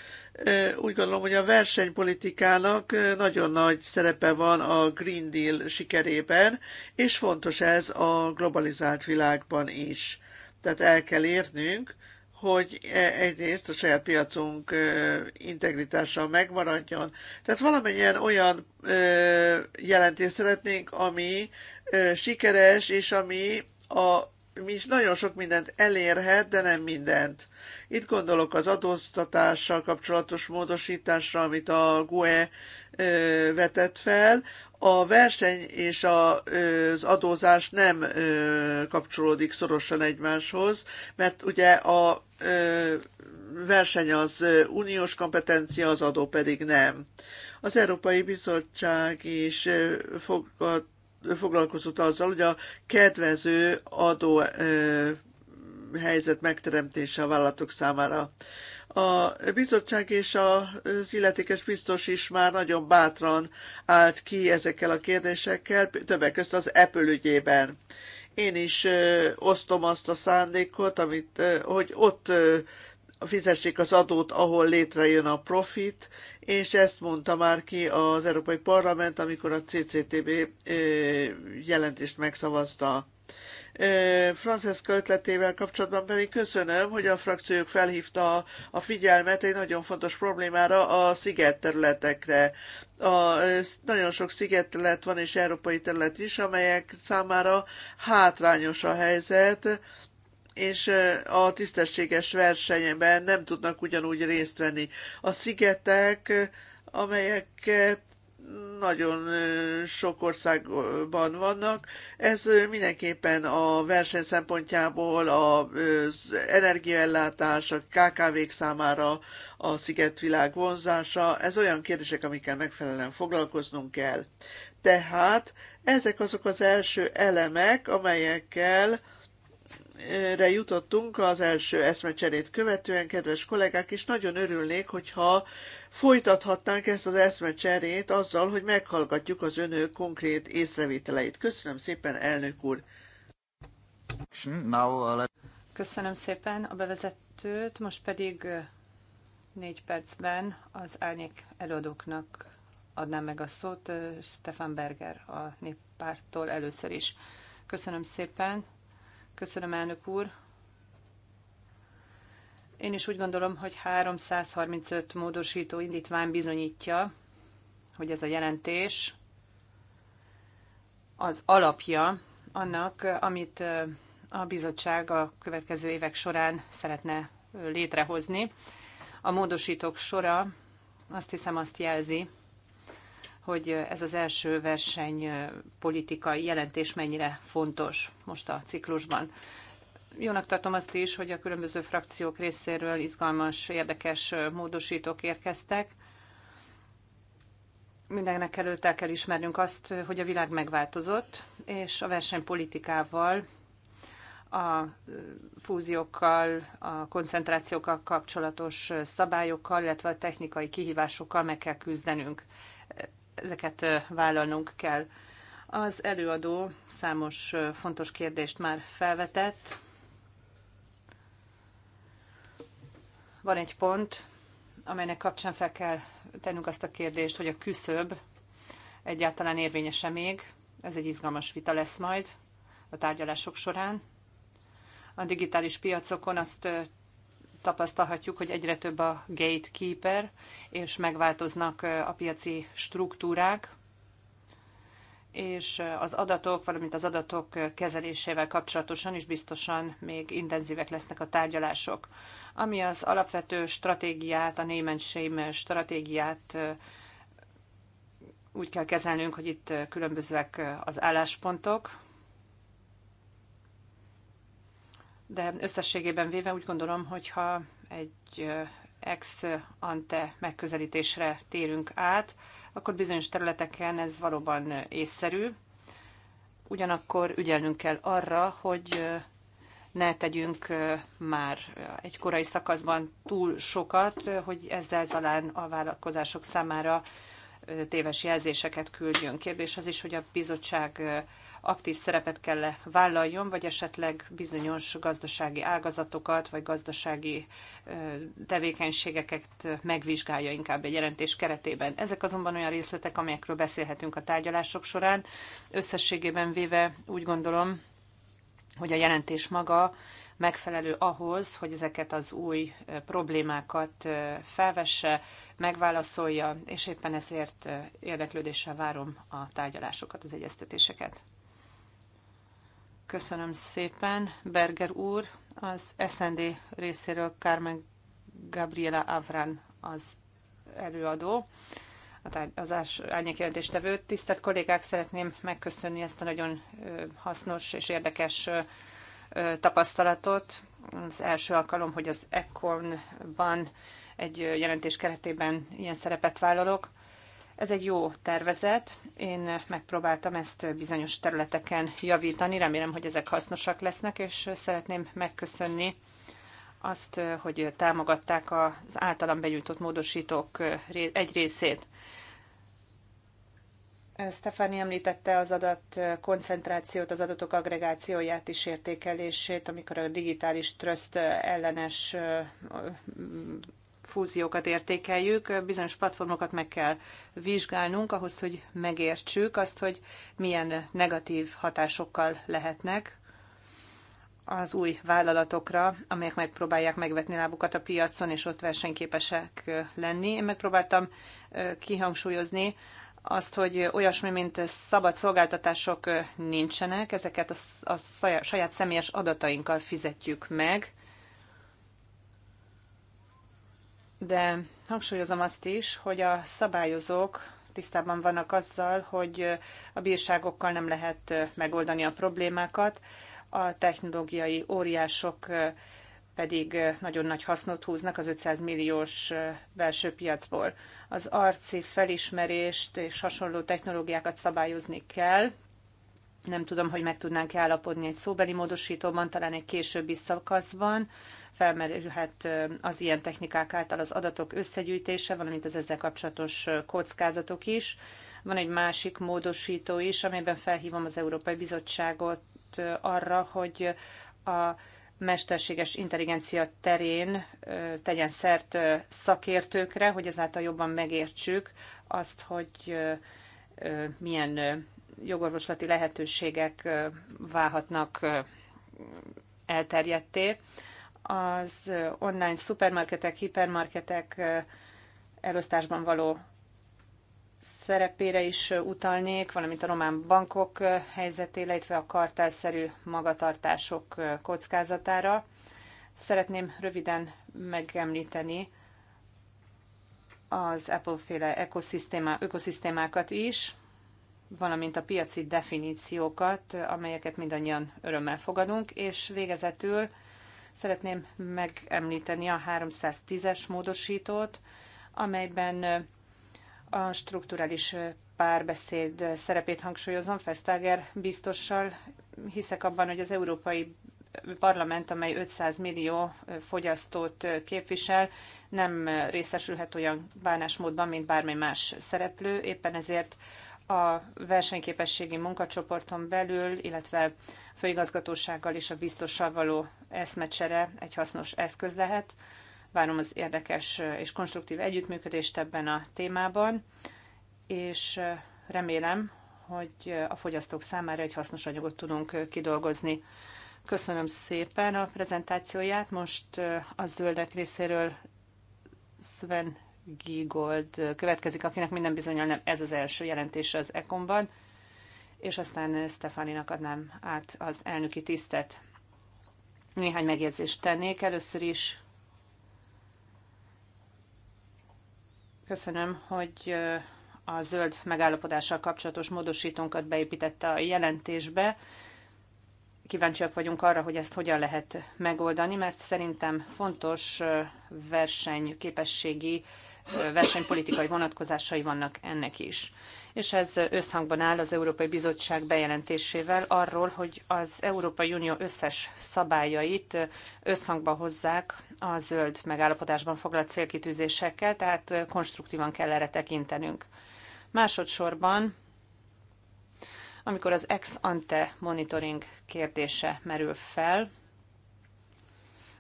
Úgy gondolom, hogy a versenypolitikának nagyon nagy szerepe van a Green Deal sikerében, és fontos ez a globalizált világban is. Tehát el kell érnünk, hogy e, egyrészt a saját piacunk integritása megmaradjon. Tehát valamennyien olyan jelentést szeretnénk, ami sikeres, és ami a mi is nagyon sok mindent elérhet, de nem mindent. Itt gondolok az adóztatással kapcsolatos módosításra, amit a GUE vetett fel. A verseny és az adózás nem kapcsolódik szorosan egymáshoz, mert ugye a verseny az uniós kompetencia, az adó pedig nem. Az Európai Bizottság is fogad foglalkozott azzal, hogy a kedvező adó helyzet megteremtése a vállalatok számára. A bizottság és az illetékes biztos is már nagyon bátran állt ki ezekkel a kérdésekkel, többek között az Apple ügyében. Én is ö, osztom azt a szándékot, amit, ö, hogy ott ö, fizessék az adót, ahol létrejön a profit, és ezt mondta már ki az Európai Parlament, amikor a CCTB jelentést megszavazta. Francesca ötletével kapcsolatban pedig köszönöm, hogy a frakciók felhívta a figyelmet egy nagyon fontos problémára a sziget területekre. A, nagyon sok szigetterület van és európai terület is, amelyek számára hátrányos a helyzet, és a tisztességes versenyben nem tudnak ugyanúgy részt venni. A szigetek, amelyeket nagyon sok országban vannak. Ez mindenképpen a verseny szempontjából az energiaellátás, a KKV-k számára a szigetvilág vonzása, ez olyan kérdések, amikkel megfelelően foglalkoznunk kell. Tehát ezek azok az első elemek, amelyekkel re jutottunk az első eszmecserét követően, kedves kollégák, és nagyon örülnék, hogyha folytathatnánk ezt az eszmecserét azzal, hogy meghallgatjuk az önök konkrét észrevételeit. Köszönöm szépen, elnök úr! Uh, Köszönöm szépen a bevezetőt, most pedig uh, négy percben az árnyék előadóknak adnám meg a szót, uh, Stefan Berger a néppártól először is. Köszönöm szépen! Köszönöm, elnök úr. Én is úgy gondolom, hogy 335 módosító indítvány bizonyítja, hogy ez a jelentés az alapja annak, amit a bizottság a következő évek során szeretne létrehozni. A módosítók sora azt hiszem azt jelzi, hogy ez az első politikai jelentés mennyire fontos most a ciklusban. Jónak tartom azt is, hogy a különböző frakciók részéről izgalmas, érdekes módosítók érkeztek. Mindenek előtt el kell ismernünk azt, hogy a világ megváltozott, és a versenypolitikával, a fúziókkal, a koncentrációkkal kapcsolatos szabályokkal, illetve a technikai kihívásokkal meg kell küzdenünk ezeket vállalnunk kell. Az előadó számos fontos kérdést már felvetett. Van egy pont, amelynek kapcsán fel kell tennünk azt a kérdést, hogy a küszöb egyáltalán érvényese még. Ez egy izgalmas vita lesz majd a tárgyalások során. A digitális piacokon azt tapasztalhatjuk, hogy egyre több a gatekeeper, és megváltoznak a piaci struktúrák, és az adatok, valamint az adatok kezelésével kapcsolatosan is biztosan még intenzívek lesznek a tárgyalások. Ami az alapvető stratégiát, a name stratégiát úgy kell kezelnünk, hogy itt különbözőek az álláspontok, de összességében véve úgy gondolom, hogyha egy ex ante megközelítésre térünk át, akkor bizonyos területeken ez valóban észszerű. Ugyanakkor ügyelnünk kell arra, hogy ne tegyünk már egy korai szakaszban túl sokat, hogy ezzel talán a vállalkozások számára téves jelzéseket küldjön. Kérdés az is, hogy a bizottság aktív szerepet kell -e vállaljon, vagy esetleg bizonyos gazdasági ágazatokat, vagy gazdasági tevékenységeket megvizsgálja inkább egy jelentés keretében. Ezek azonban olyan részletek, amelyekről beszélhetünk a tárgyalások során. Összességében véve úgy gondolom, hogy a jelentés maga megfelelő ahhoz, hogy ezeket az új problémákat felvesse, megválaszolja, és éppen ezért érdeklődéssel várom a tárgyalásokat, az egyeztetéseket. Köszönöm szépen, Berger úr. Az SND részéről Carmen Gabriela Avran az előadó, az árnyékjelentéstevő. Tisztelt kollégák, szeretném megköszönni ezt a nagyon hasznos és érdekes tapasztalatot. Az első alkalom, hogy az Econ-ban egy jelentés keretében ilyen szerepet vállalok. Ez egy jó tervezet, én megpróbáltam ezt bizonyos területeken javítani, remélem, hogy ezek hasznosak lesznek, és szeretném megköszönni azt, hogy támogatták az általam benyújtott módosítók egy részét. Stefani említette az adat koncentrációt, az adatok agregációját is értékelését, amikor a digitális tröszt ellenes fúziókat értékeljük, bizonyos platformokat meg kell vizsgálnunk ahhoz, hogy megértsük azt, hogy milyen negatív hatásokkal lehetnek az új vállalatokra, amelyek megpróbálják megvetni lábukat a piacon, és ott versenyképesek lenni. Én megpróbáltam kihangsúlyozni azt, hogy olyasmi, mint szabad szolgáltatások nincsenek, ezeket a saját személyes adatainkkal fizetjük meg, de hangsúlyozom azt is, hogy a szabályozók tisztában vannak azzal, hogy a bírságokkal nem lehet megoldani a problémákat, a technológiai óriások pedig nagyon nagy hasznot húznak az 500 milliós belső piacból. Az arci felismerést és hasonló technológiákat szabályozni kell, nem tudom, hogy meg tudnánk állapodni egy szóbeli módosítóban, talán egy későbbi szakaszban. Felmerülhet az ilyen technikák által az adatok összegyűjtése, valamint az ezzel kapcsolatos kockázatok is. Van egy másik módosító is, amelyben felhívom az Európai Bizottságot arra, hogy a mesterséges intelligencia terén tegyen szert szakértőkre, hogy ezáltal jobban megértsük azt, hogy milyen jogorvoslati lehetőségek válhatnak elterjedté. Az online szupermarketek, hipermarketek elosztásban való szerepére is utalnék, valamint a román bankok helyzetére, illetve a kartelszerű magatartások kockázatára. Szeretném röviden megemlíteni az Apple-féle ökoszisztémákat is, valamint a piaci definíciókat, amelyeket mindannyian örömmel fogadunk, és végezetül szeretném megemlíteni a 310-es módosítót, amelyben a strukturális párbeszéd szerepét hangsúlyozom Fesztager biztossal. Hiszek abban, hogy az Európai Parlament, amely 500 millió fogyasztót képvisel, nem részesülhet olyan bánásmódban, mint bármely más szereplő. Éppen ezért a versenyképességi munkacsoporton belül, illetve a főigazgatósággal és a biztossal való eszmecsere egy hasznos eszköz lehet. Várom az érdekes és konstruktív együttműködést ebben a témában, és remélem, hogy a fogyasztók számára egy hasznos anyagot tudunk kidolgozni. Köszönöm szépen a prezentációját. Most a zöldek részéről Sven Gigold következik, akinek minden bizonyal nem ez az első jelentése az Ekonban, és aztán Stefaninak adnám át az elnöki tisztet. Néhány megjegyzést tennék. Először is köszönöm, hogy a zöld megállapodással kapcsolatos módosítónkat beépítette a jelentésbe. Kíváncsiak vagyunk arra, hogy ezt hogyan lehet megoldani, mert szerintem fontos versenyképességi versenypolitikai vonatkozásai vannak ennek is. És ez összhangban áll az Európai Bizottság bejelentésével arról, hogy az Európai Unió összes szabályait összhangba hozzák a zöld megállapodásban foglalt célkitűzésekkel, tehát konstruktívan kell erre tekintenünk. Másodszorban amikor az ex ante monitoring kérdése merül fel,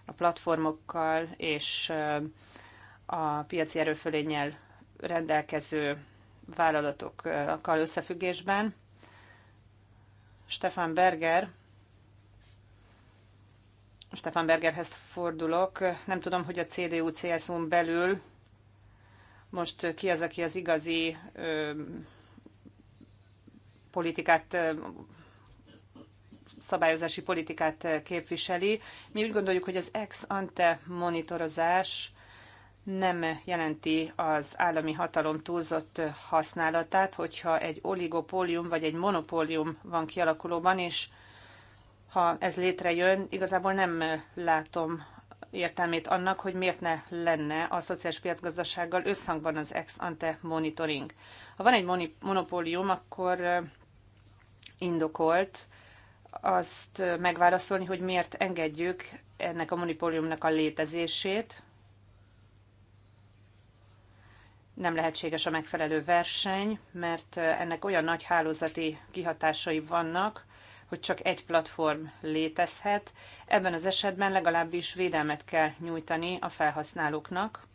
a platformokkal és a piaci erőfölényel rendelkező vállalatokkal összefüggésben. Stefan Berger, Stefan Bergerhez fordulok. Nem tudom, hogy a CDU-CSU-n belül most ki az, aki az igazi ö, politikát, ö, szabályozási politikát képviseli. Mi úgy gondoljuk, hogy az ex-ante monitorozás nem jelenti az állami hatalom túlzott használatát, hogyha egy oligopólium vagy egy monopólium van kialakulóban, és ha ez létrejön, igazából nem látom értelmét annak, hogy miért ne lenne a szociális piacgazdasággal összhangban az ex ante monitoring. Ha van egy monopólium, akkor indokolt azt megválaszolni, hogy miért engedjük ennek a monopóliumnak a létezését, nem lehetséges a megfelelő verseny, mert ennek olyan nagy hálózati kihatásai vannak, hogy csak egy platform létezhet. Ebben az esetben legalábbis védelmet kell nyújtani a felhasználóknak.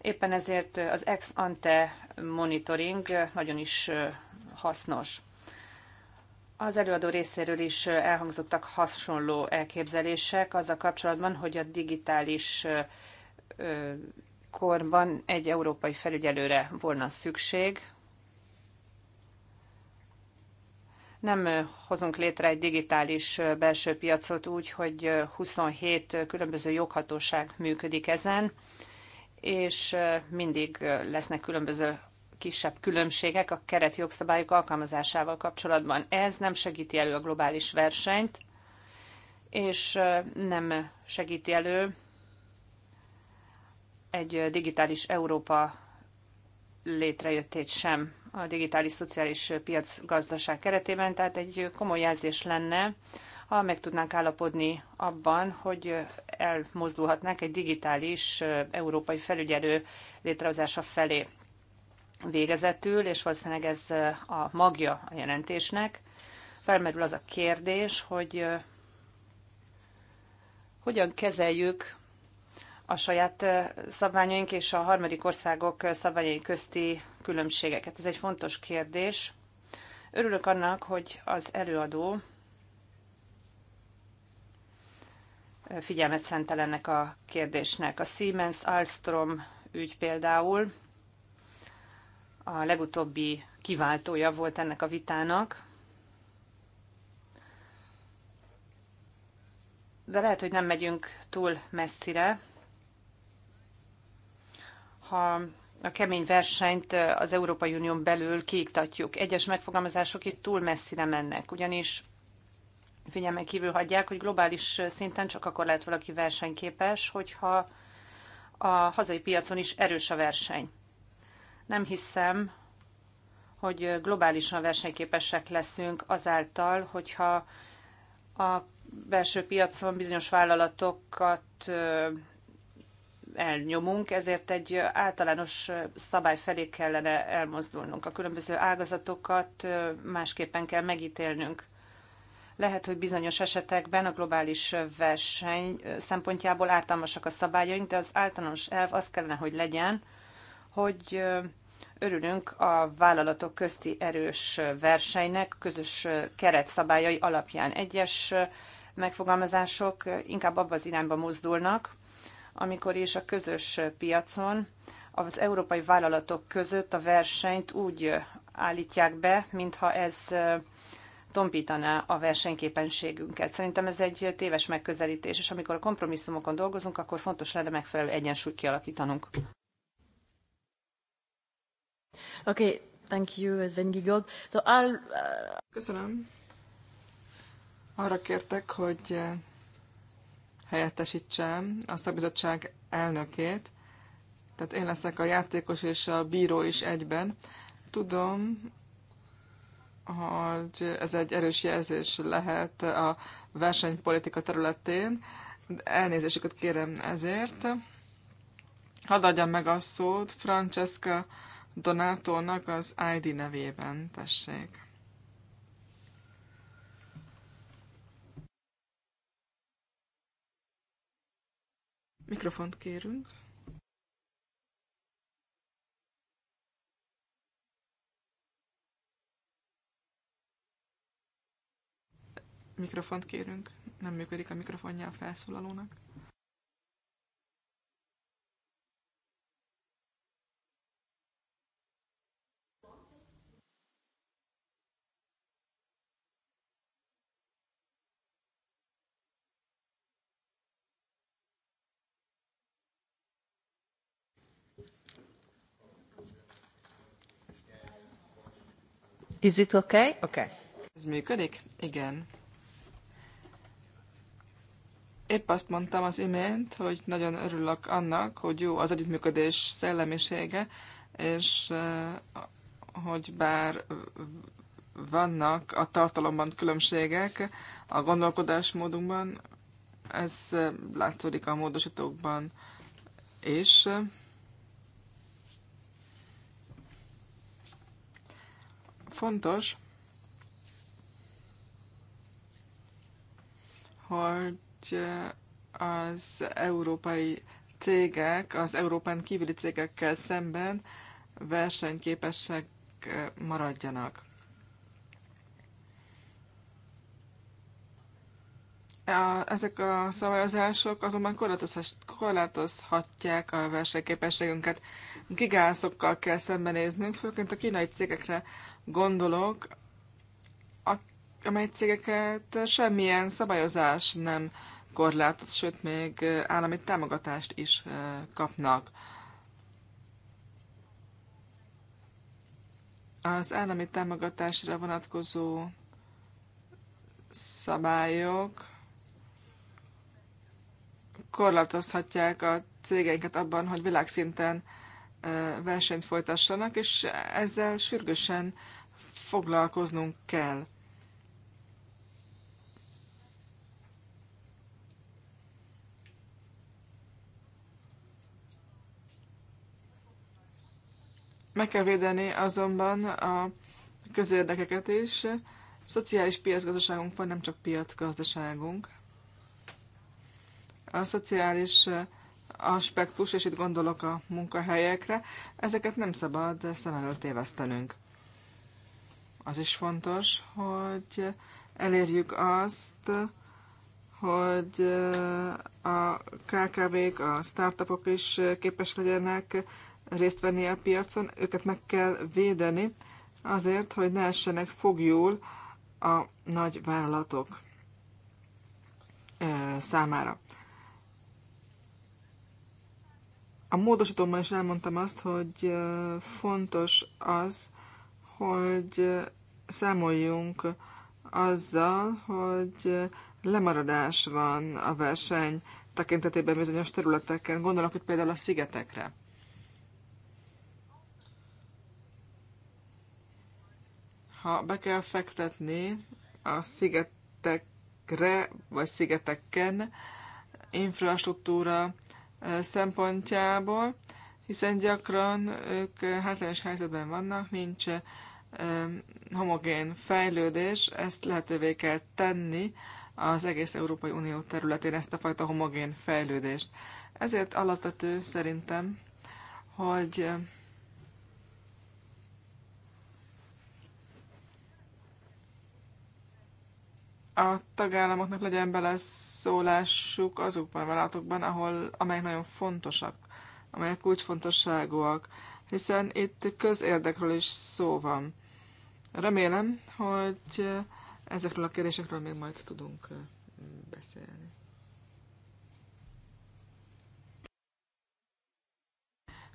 Éppen ezért az ex ante monitoring nagyon is hasznos. Az előadó részéről is elhangzottak hasonló elképzelések azzal kapcsolatban, hogy a digitális korban egy európai felügyelőre volna szükség. Nem hozunk létre egy digitális belső piacot úgy, hogy 27 különböző joghatóság működik ezen, és mindig lesznek különböző kisebb különbségek a keret jogszabályok alkalmazásával kapcsolatban. Ez nem segíti elő a globális versenyt, és nem segíti elő egy digitális Európa létrejöttét sem a digitális szociális piac gazdaság keretében, tehát egy komoly jelzés lenne, ha meg tudnánk állapodni abban, hogy elmozdulhatnánk egy digitális európai felügyelő létrehozása felé végezetül, és valószínűleg ez a magja a jelentésnek. Felmerül az a kérdés, hogy hogyan kezeljük a saját szabványaink és a harmadik országok szabványai közti különbségeket. Ez egy fontos kérdés. Örülök annak, hogy az előadó figyelmet szentel ennek a kérdésnek. A Siemens Alstrom ügy például a legutóbbi kiváltója volt ennek a vitának. De lehet, hogy nem megyünk túl messzire, ha a kemény versenyt az Európai Unión belül kiiktatjuk. Egyes megfogalmazások itt túl messzire mennek, ugyanis figyelmen kívül hagyják, hogy globális szinten csak akkor lehet valaki versenyképes, hogyha a hazai piacon is erős a verseny. Nem hiszem, hogy globálisan versenyképesek leszünk azáltal, hogyha a belső piacon bizonyos vállalatokat elnyomunk, ezért egy általános szabály felé kellene elmozdulnunk. A különböző ágazatokat másképpen kell megítélnünk. Lehet, hogy bizonyos esetekben a globális verseny szempontjából ártalmasak a szabályaink, de az általános elv az kellene, hogy legyen, hogy örülünk a vállalatok közti erős versenynek közös keretszabályai alapján. Egyes megfogalmazások inkább abba az irányba mozdulnak, amikor is a közös piacon az európai vállalatok között a versenyt úgy állítják be, mintha ez tompítaná a versenyképességünket. Szerintem ez egy téves megközelítés, és amikor a kompromisszumokon dolgozunk, akkor fontos lenne megfelelő egyensúlyt kialakítanunk. Oké, okay, thank you, Sven Gigold. So I'll, uh... Köszönöm. Arra kértek, hogy helyettesítsem a szakbizottság elnökét, tehát én leszek a játékos és a bíró is egyben. Tudom, hogy ez egy erős jelzés lehet a versenypolitika területén, elnézésüket kérem ezért. Hadd adjam meg a szót Francesca Donátónak az ID nevében, tessék. Mikrofont kérünk. Mikrofont kérünk. Nem működik a mikrofonja a felszólalónak. Is it okay? Okay. Ez működik? Igen. Épp azt mondtam az imént, hogy nagyon örülök annak, hogy jó az együttműködés szellemisége, és eh, hogy bár vannak a tartalomban különbségek, a gondolkodásmódunkban, ez eh, látszódik a módosítókban, és Fontos, hogy az európai cégek, az Európán kívüli cégekkel szemben versenyképesek maradjanak. Ezek a szabályozások azonban korlátozhatják a versenyképességünket. Gigászokkal kell szembenéznünk, főként a kínai cégekre gondolok, amely cégeket semmilyen szabályozás nem korlátoz, sőt, még állami támogatást is kapnak. Az állami támogatásra vonatkozó szabályok korlátozhatják a cégeinket abban, hogy világszinten versenyt folytassanak, és ezzel sürgősen foglalkoznunk kell. Meg kell védeni azonban a közérdekeket is. Szociális piacgazdaságunk van, nem csak piacgazdaságunk. A szociális aspektus, és itt gondolok a munkahelyekre, ezeket nem szabad szem előtt évesztenünk. Az is fontos, hogy elérjük azt, hogy a KKV-k, a startupok is képes legyenek részt venni a piacon, őket meg kell védeni azért, hogy ne essenek fogjul a nagy vállalatok számára. A módosítóban is elmondtam azt, hogy fontos az, hogy számoljunk azzal, hogy lemaradás van a verseny tekintetében bizonyos területeken, gondolok itt például a szigetekre. Ha be kell fektetni a szigetekre, vagy szigeteken infrastruktúra szempontjából, hiszen gyakran ők hátrányos helyzetben vannak, nincs homogén fejlődés, ezt lehetővé kell tenni az egész Európai Unió területén ezt a fajta homogén fejlődést. Ezért alapvető szerintem, hogy a tagállamoknak legyen beleszólásuk azokban a vállalatokban, ahol, amelyek nagyon fontosak, amelyek kulcsfontosságúak, hiszen itt közérdekről is szó van. Remélem, hogy ezekről a kérdésekről még majd tudunk beszélni.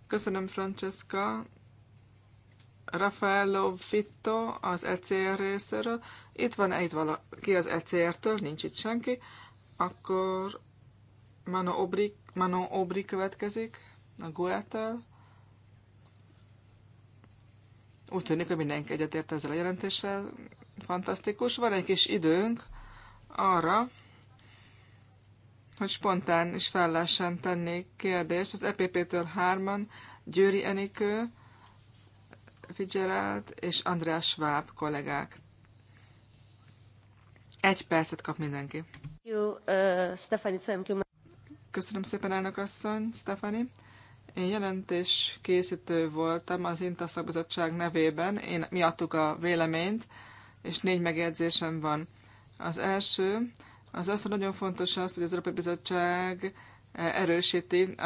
Köszönöm, Francesca. Raffaello Fitto az ECR részéről. Itt van egy valaki az ECR-től? Nincs itt senki. Akkor Mano Obri, Mano Obri következik a Guettel. Úgy tűnik, hogy mindenki egyetért ezzel a jelentéssel. Fantasztikus. Van egy kis időnk arra, hogy spontán is fel lehessen tenni kérdést. Az EPP-től hárman, Győri Enikő, Fitzgerald és Andrea Schwab kollégák. Egy percet kap mindenki. Köszönöm szépen, elnök asszony, Stefani. Én jelentés készítő voltam az INTA szakbizottság nevében, én, mi adtuk a véleményt, és négy megjegyzésem van. Az első, az az, hogy nagyon fontos az, hogy az Európai Bizottság e, erősíti az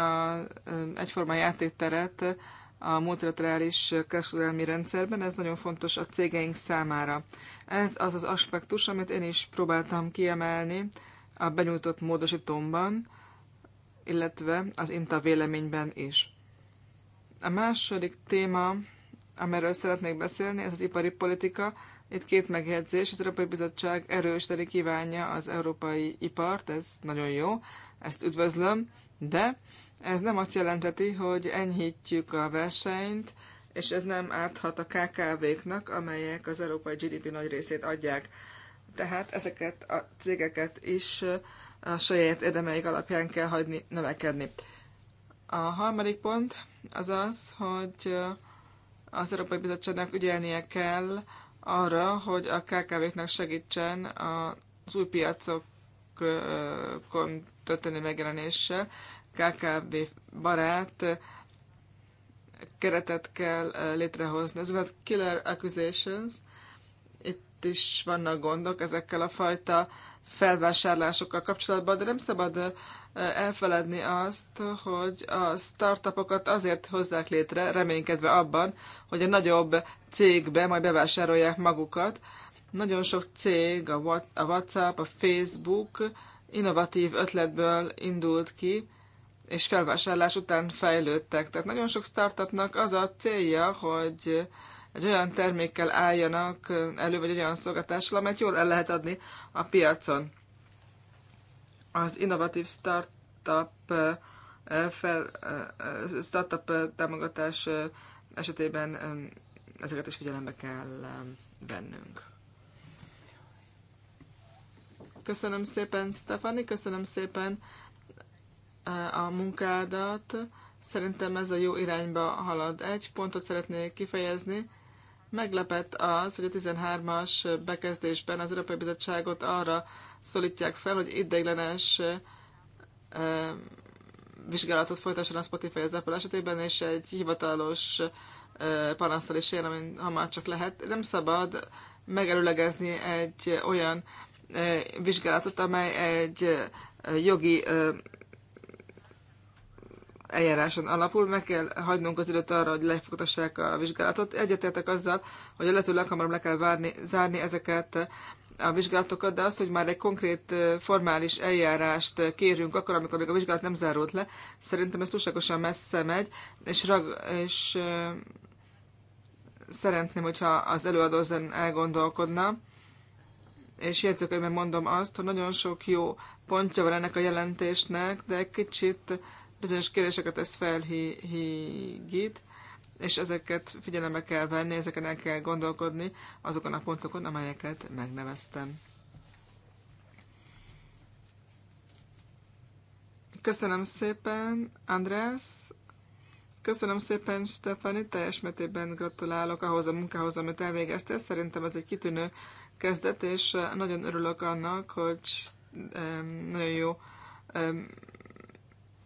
e, egyforma játékteret a multilaterális kereskedelmi rendszerben, ez nagyon fontos a cégeink számára. Ez az az aspektus, amit én is próbáltam kiemelni a benyújtott módosítomban, illetve az INTA véleményben is. A második téma, amiről szeretnék beszélni, ez az ipari politika. Itt két megjegyzés. Az Európai Bizottság erősíteni kívánja az európai ipart, ez nagyon jó, ezt üdvözlöm, de ez nem azt jelenteti, hogy enyhítjük a versenyt, és ez nem árthat a KKV-knak, amelyek az európai GDP nagy részét adják. Tehát ezeket a cégeket is a saját érdemeik alapján kell hagyni növekedni. A harmadik pont az az, hogy az Európai Bizottságnak ügyelnie kell arra, hogy a KKV-knak segítsen az új piacokon történő megjelenéssel. KKB barát eh, keretet kell eh, létrehozni. Ez volt Killer Accusations. Itt is vannak gondok ezekkel a fajta felvásárlásokkal kapcsolatban, de nem szabad eh, elfeledni azt, hogy a startupokat azért hozzák létre, reménykedve abban, hogy a nagyobb cégbe majd bevásárolják magukat. Nagyon sok cég, a WhatsApp, a Facebook innovatív ötletből indult ki, és felvásárlás után fejlődtek. Tehát nagyon sok startupnak az a célja, hogy egy olyan termékkel álljanak elő, vagy egy olyan szolgáltással, amelyet jól el lehet adni a piacon. Az innovatív startup, eh, fel, eh, eh, startup támogatás esetében ezeket is figyelembe kell vennünk. Köszönöm szépen, Stefani, köszönöm szépen a munkádat. Szerintem ez a jó irányba halad. Egy pontot szeretnék kifejezni. Meglepett az, hogy a 13-as bekezdésben az Európai Bizottságot arra szólítják fel, hogy ideiglenes vizsgálatot folytasson a Spotify az Apple esetében, és egy hivatalos panasztal is él, amin hamar csak lehet. Nem szabad megelőlegezni egy olyan vizsgálatot, amely egy jogi eljáráson alapul, meg kell hagynunk az időt arra, hogy lefogtassák a vizsgálatot. Egyetértek azzal, hogy a lehető leghamarabb le kell várni, zárni ezeket a vizsgálatokat, de az, hogy már egy konkrét formális eljárást kérünk, akkor, amikor még a vizsgálat nem zárult le, szerintem ez túlságosan messze megy, és, rag, és e, szeretném, hogyha az előadó zen elgondolkodna, és jegyzőkönyvben mondom azt, hogy nagyon sok jó pontja van ennek a jelentésnek, de egy kicsit bizonyos kérdéseket ez felhígít, és ezeket figyelembe kell venni, ezeken el kell gondolkodni azokon a pontokon, amelyeket megneveztem. Köszönöm szépen, András. Köszönöm szépen, Stefani. Teljes mértékben gratulálok ahhoz a munkához, amit elvégeztél. Szerintem ez egy kitűnő kezdet, és nagyon örülök annak, hogy nagyon jó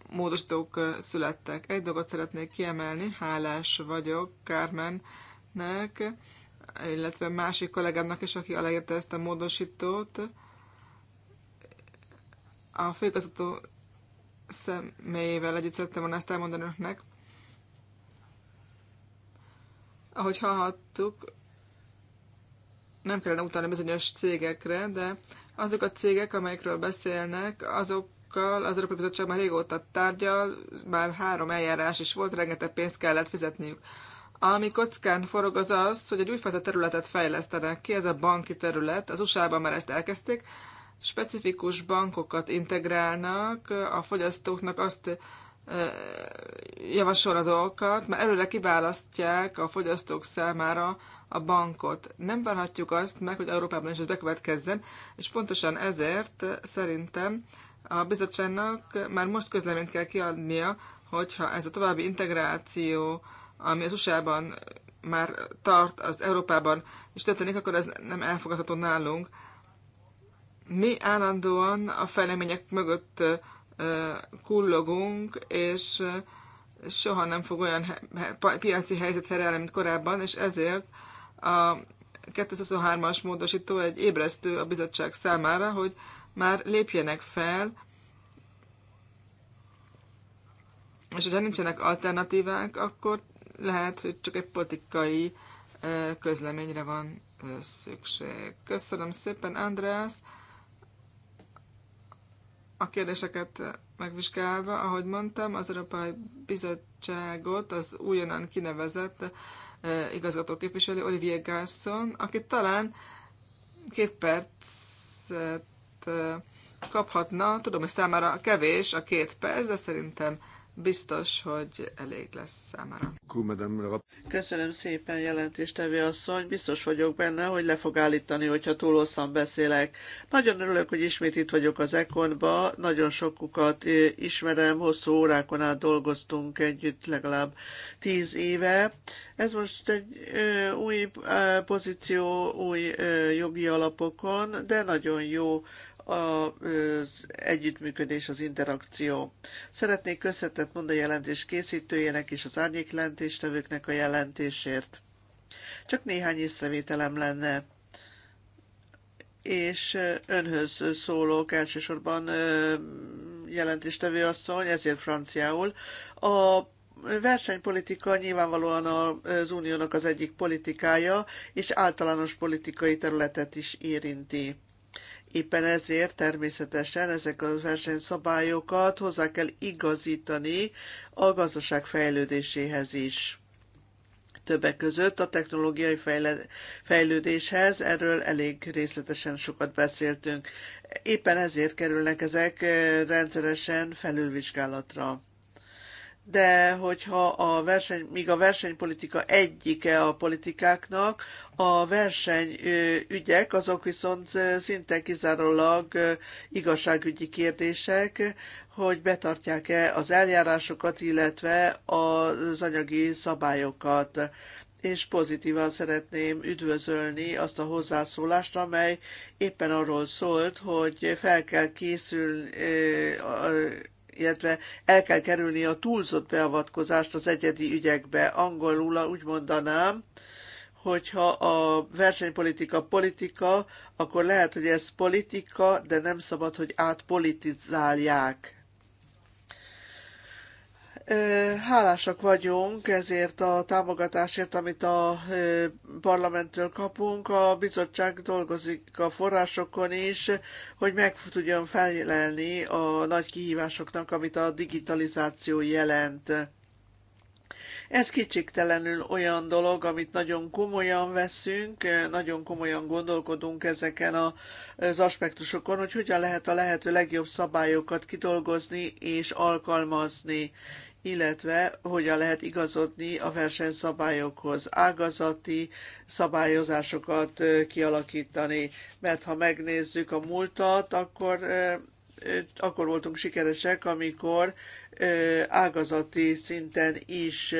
módosítók születtek. Egy dolgot szeretnék kiemelni, hálás vagyok Kármennek, illetve másik kollégámnak is, aki aláírta ezt a módosítót. A főigazgató személyével együtt szerettem volna ezt elmondani önöknek. Ahogy hallhattuk, nem kellene utalni bizonyos cégekre, de azok a cégek, amelyekről beszélnek, azok bankokkal az Európai Bizottság már régóta tárgyal, már három eljárás is volt, rengeteg pénzt kellett fizetniük. Ami kockán forog az az, hogy egy újfajta területet fejlesztenek ki, ez a banki terület, az USA-ban már ezt elkezdték, specifikus bankokat integrálnak, a fogyasztóknak azt javasol dolgokat, mert előre kiválasztják a fogyasztók számára a bankot. Nem várhatjuk azt meg, hogy Európában is ez bekövetkezzen, és pontosan ezért szerintem a bizottságnak már most közleményt kell kiadnia, hogyha ez a további integráció, ami az USA-ban már tart, az Európában is történik, akkor ez nem elfogadható nálunk. Mi állandóan a fejlemények mögött kullogunk, és soha nem fog olyan piaci helyzet helyreállni, mint korábban, és ezért a 2023 as módosító egy ébresztő a bizottság számára, hogy már lépjenek fel, és hogyha nincsenek alternatívák, akkor lehet, hogy csak egy politikai közleményre van szükség. Köszönöm szépen, András! A kérdéseket megvizsgálva, ahogy mondtam, az Európai Bizottságot az újonnan kinevezett igazgatóképviselő Olivier Gasson, aki talán két percet kaphatna. Tudom, hogy számára kevés a két perc, de szerintem biztos, hogy elég lesz számára. Köszönöm szépen, jelentéstevő asszony. Biztos vagyok benne, hogy le fog állítani, hogyha túl hosszan beszélek. Nagyon örülök, hogy ismét itt vagyok az Ekonba. Nagyon sokukat ismerem, hosszú órákon át dolgoztunk együtt legalább tíz éve. Ez most egy ö, új ö, pozíció, új ö, jogi alapokon, de nagyon jó az együttműködés, az interakció. Szeretnék köszönetet mondani a jelentés készítőjének és az árnyék jelentéstevőknek a jelentésért. Csak néhány észrevételem lenne és önhöz szólók elsősorban jelentéstevő asszony, ezért franciául. A versenypolitika nyilvánvalóan az uniónak az egyik politikája, és általános politikai területet is érinti. Éppen ezért természetesen ezek a versenyszabályokat hozzá kell igazítani a gazdaság fejlődéséhez is. Többek között a technológiai fejlődéshez, erről elég részletesen sokat beszéltünk. Éppen ezért kerülnek ezek eh, rendszeresen felülvizsgálatra de hogyha a verseny, míg a versenypolitika egyike a politikáknak, a versenyügyek azok viszont szinte kizárólag igazságügyi kérdések, hogy betartják-e az eljárásokat, illetve az anyagi szabályokat és pozitívan szeretném üdvözölni azt a hozzászólást, amely éppen arról szólt, hogy fel kell készülni illetve el kell kerülni a túlzott beavatkozást az egyedi ügyekbe. Angolul úgy mondanám, hogyha a versenypolitika politika, akkor lehet, hogy ez politika, de nem szabad, hogy átpolitizálják. Hálásak vagyunk ezért a támogatásért, amit a parlamenttől kapunk. A bizottság dolgozik a forrásokon is, hogy meg tudjon felelni a nagy kihívásoknak, amit a digitalizáció jelent. Ez kicsiktelenül olyan dolog, amit nagyon komolyan veszünk, nagyon komolyan gondolkodunk ezeken az aspektusokon, hogy hogyan lehet a lehető legjobb szabályokat kidolgozni és alkalmazni illetve hogyan lehet igazodni a versenyszabályokhoz, ágazati szabályozásokat kialakítani. Mert ha megnézzük a múltat, akkor, akkor voltunk sikeresek, amikor ágazati szinten is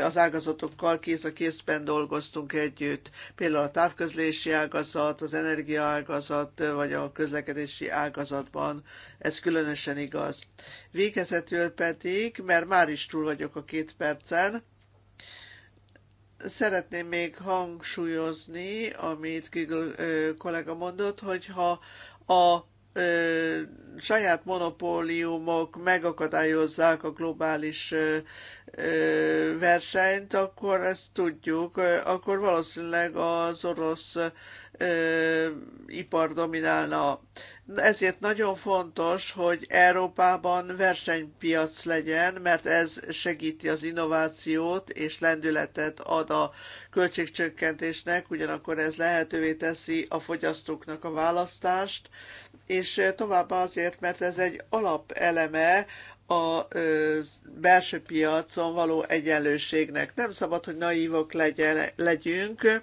az ágazatokkal kéz a kézben dolgoztunk együtt. Például a távközlési ágazat, az energiaágazat, vagy a közlekedési ágazatban. Ez különösen igaz. Végezetül pedig, mert már is túl vagyok a két percen, szeretném még hangsúlyozni, amit Giggle kollega mondott, hogyha a ö, saját monopóliumok megakadályozzák a globális ö, versenyt, akkor ezt tudjuk, akkor valószínűleg az orosz ö, ipar dominálna. Ezért nagyon fontos, hogy Európában versenypiac legyen, mert ez segíti az innovációt és lendületet ad a költségcsökkentésnek, ugyanakkor ez lehetővé teszi a fogyasztóknak a választást, és továbbá azért, mert ez egy alapeleme a belső piacon való egyenlőségnek. Nem szabad, hogy naívok legyen, legyünk,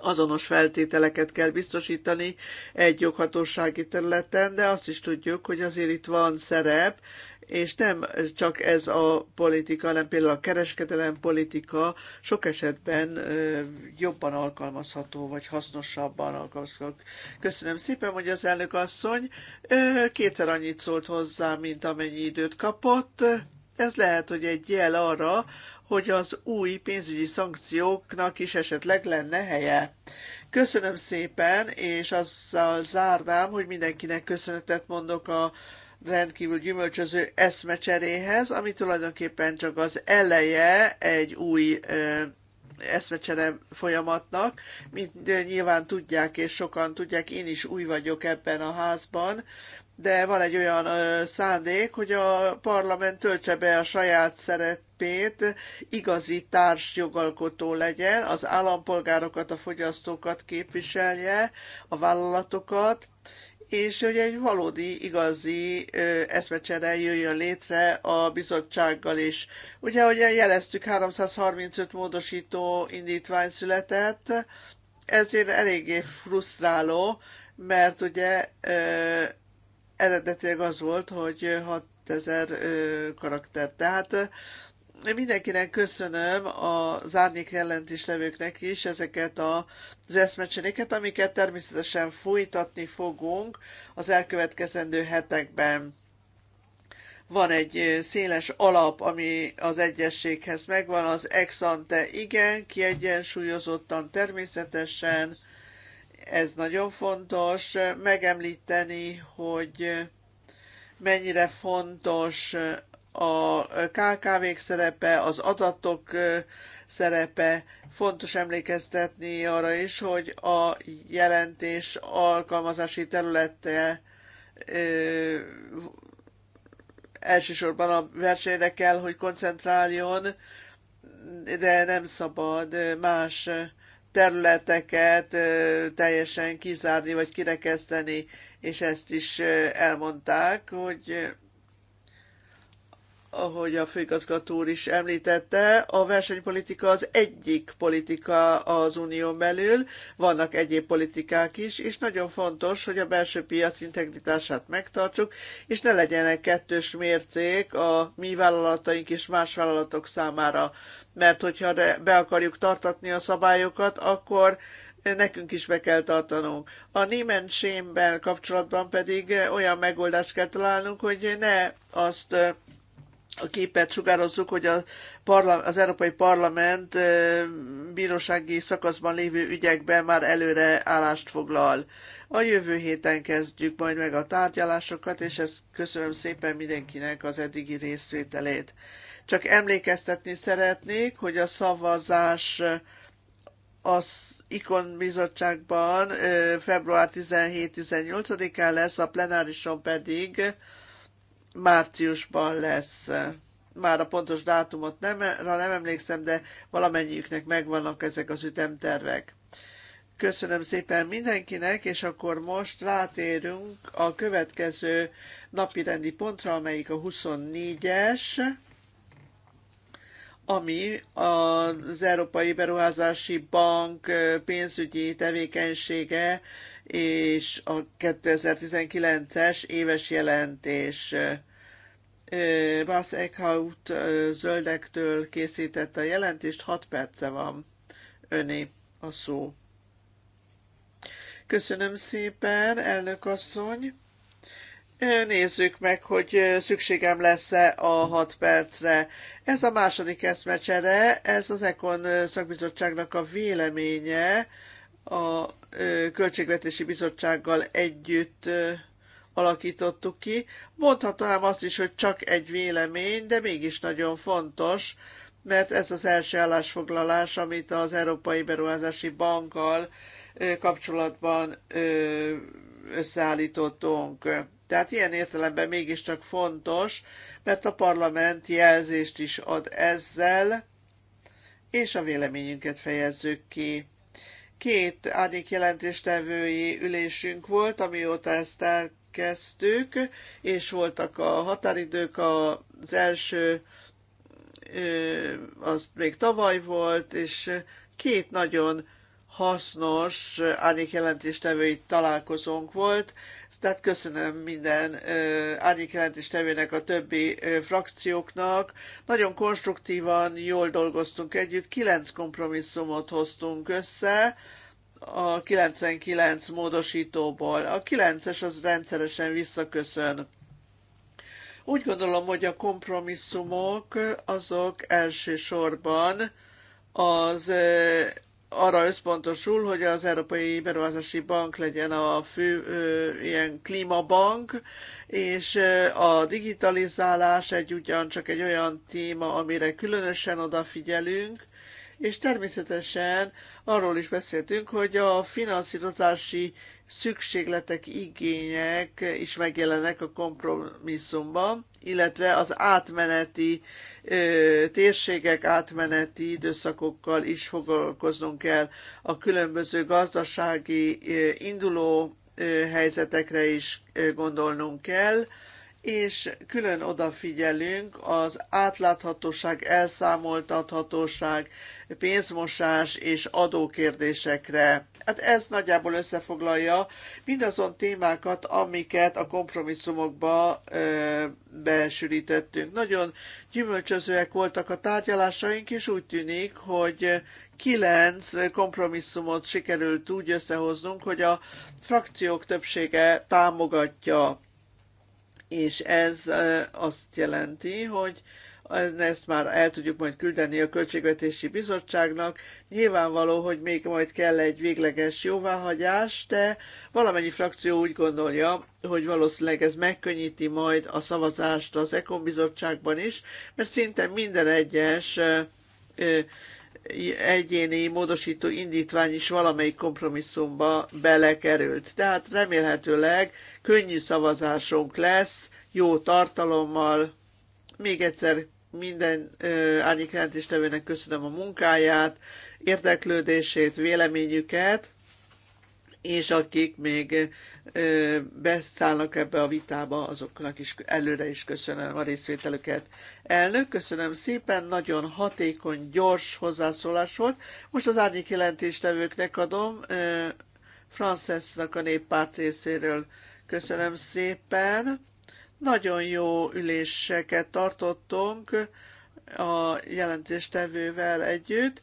azonos feltételeket kell biztosítani egy joghatósági területen, de azt is tudjuk, hogy azért itt van szerep, és nem csak ez a politika, hanem például a kereskedelem politika sok esetben jobban alkalmazható, vagy hasznosabban alkalmazható. Köszönöm szépen, hogy az elnök asszony kétszer annyit szólt hozzá, mint amennyi időt kapott. Ez lehet, hogy egy jel arra, hogy az új pénzügyi szankcióknak is esetleg lenne helye. Köszönöm szépen, és azzal zárnám, hogy mindenkinek köszönetet mondok a rendkívül gyümölcsöző eszmecseréhez, ami tulajdonképpen csak az eleje egy új eszmecsere folyamatnak. Mint nyilván tudják, és sokan tudják, én is új vagyok ebben a házban, de van egy olyan ö, szándék, hogy a parlament töltse be a saját szerepét, igazi társjogalkotó legyen, az állampolgárokat, a fogyasztókat képviselje, a vállalatokat, és hogy egy valódi, igazi eszmecsere jöjjön létre a bizottsággal is. Ugye, ahogy jeleztük, 335 módosító indítvány született, ezért eléggé frusztráló, mert ugye ö, eredetileg az volt, hogy 6000 karakter. Tehát mindenkinek köszönöm az árnyék jelentéslevőknek is ezeket az eszmecseréket, amiket természetesen folytatni fogunk az elkövetkezendő hetekben. Van egy széles alap, ami az egyességhez megvan, az ex-ante igen, kiegyensúlyozottan természetesen, ez nagyon fontos megemlíteni, hogy mennyire fontos a KKV-k szerepe, az adatok szerepe. Fontos emlékeztetni arra is, hogy a jelentés alkalmazási területe ö, elsősorban a versenyre kell, hogy koncentráljon, de nem szabad más területeket teljesen kizárni vagy kirekeszteni, és ezt is elmondták, hogy ahogy a főigazgató úr is említette, a versenypolitika az egyik politika az unión belül, vannak egyéb politikák is, és nagyon fontos, hogy a belső piac integritását megtartsuk, és ne legyenek kettős mércék a mi vállalataink és más vállalatok számára. Mert hogyha be akarjuk tartatni a szabályokat, akkor nekünk is be kell tartanunk. A Niemann shame kapcsolatban pedig olyan megoldást kell találnunk, hogy ne azt a képet sugározzuk, hogy a parla- az Európai Parlament bírósági szakaszban lévő ügyekben már előre állást foglal. A jövő héten kezdjük majd meg a tárgyalásokat, és ezt köszönöm szépen mindenkinek az eddigi részvételét. Csak emlékeztetni szeretnék, hogy a szavazás az Ikon bizottságban február 17-18-án lesz, a plenárison pedig márciusban lesz. Eh, már a pontos dátumot nem, rá nem emlékszem, de valamennyiüknek megvannak ezek az ütemtervek. Köszönöm szépen mindenkinek, és akkor most rátérünk a következő napirendi pontra, amelyik a 24-es, ami az Európai Beruházási Bank eh, pénzügyi tevékenysége és a 2019-es éves jelentés. Bas Eckhout zöldektől készítette a jelentést, 6 perce van öné a szó. Köszönöm szépen, elnök asszony. Nézzük meg, hogy szükségem lesz-e a hat percre. Ez a második eszmecsere, ez az Ekon szakbizottságnak a véleménye a Költségvetési Bizottsággal együtt alakítottuk ki. Mondhatnám azt is, hogy csak egy vélemény, de mégis nagyon fontos, mert ez az első állásfoglalás, amit az Európai Beruházási Bankkal kapcsolatban összeállítottunk. Tehát ilyen értelemben mégiscsak fontos, mert a parlament jelzést is ad ezzel, és a véleményünket fejezzük ki. Két árnyék jelentéstevői ülésünk volt, amióta ezt elkezdtük, és voltak a határidők, az első az még tavaly volt, és két nagyon hasznos árnyék jelentéstevőit találkozónk volt, tehát köszönöm minden árnyék jelentéstevőnek a többi frakcióknak. Nagyon konstruktívan, jól dolgoztunk együtt, kilenc kompromisszumot hoztunk össze, a 99 módosítóból. A 9-es az rendszeresen visszaköszön. Úgy gondolom, hogy a kompromisszumok azok elsősorban az arra összpontosul, hogy az Európai Beruházási Bank legyen a fő ö, ilyen klímabank, és a digitalizálás egy ugyancsak egy olyan téma, amire különösen odafigyelünk, és természetesen arról is beszéltünk, hogy a finanszírozási szükségletek, igények is megjelennek a kompromisszumban, illetve az átmeneti ö, térségek, átmeneti időszakokkal is foglalkoznunk kell a különböző gazdasági ö, induló ö, helyzetekre is ö, gondolnunk kell, és külön odafigyelünk az átláthatóság, elszámoltathatóság, pénzmosás és adókérdésekre Hát ez nagyjából összefoglalja mindazon témákat, amiket a kompromisszumokba ö, besűrítettünk. Nagyon gyümölcsözőek voltak a tárgyalásaink, és úgy tűnik, hogy kilenc kompromisszumot sikerült úgy összehoznunk, hogy a frakciók többsége támogatja. És ez azt jelenti, hogy ezt már el tudjuk majd küldeni a Költségvetési Bizottságnak. Nyilvánvaló, hogy még majd kell egy végleges jóváhagyás, de valamennyi frakció úgy gondolja, hogy valószínűleg ez megkönnyíti majd a szavazást az Ekon Bizottságban is, mert szinte minden egyes egyéni módosító indítvány is valamelyik kompromisszumba belekerült. Tehát remélhetőleg könnyű szavazásunk lesz, jó tartalommal. Még egyszer minden árnyékjelentéstevőnek köszönöm a munkáját, érdeklődését, véleményüket, és akik még ö, beszállnak ebbe a vitába, azoknak is előre is köszönöm a részvételüket. Elnök, köszönöm szépen, nagyon hatékony, gyors hozzászólás volt. Most az árnyék jelentéstevőknek adom, Francesznak a néppárt részéről. Köszönöm szépen. Nagyon jó üléseket tartottunk a jelentéstevővel együtt.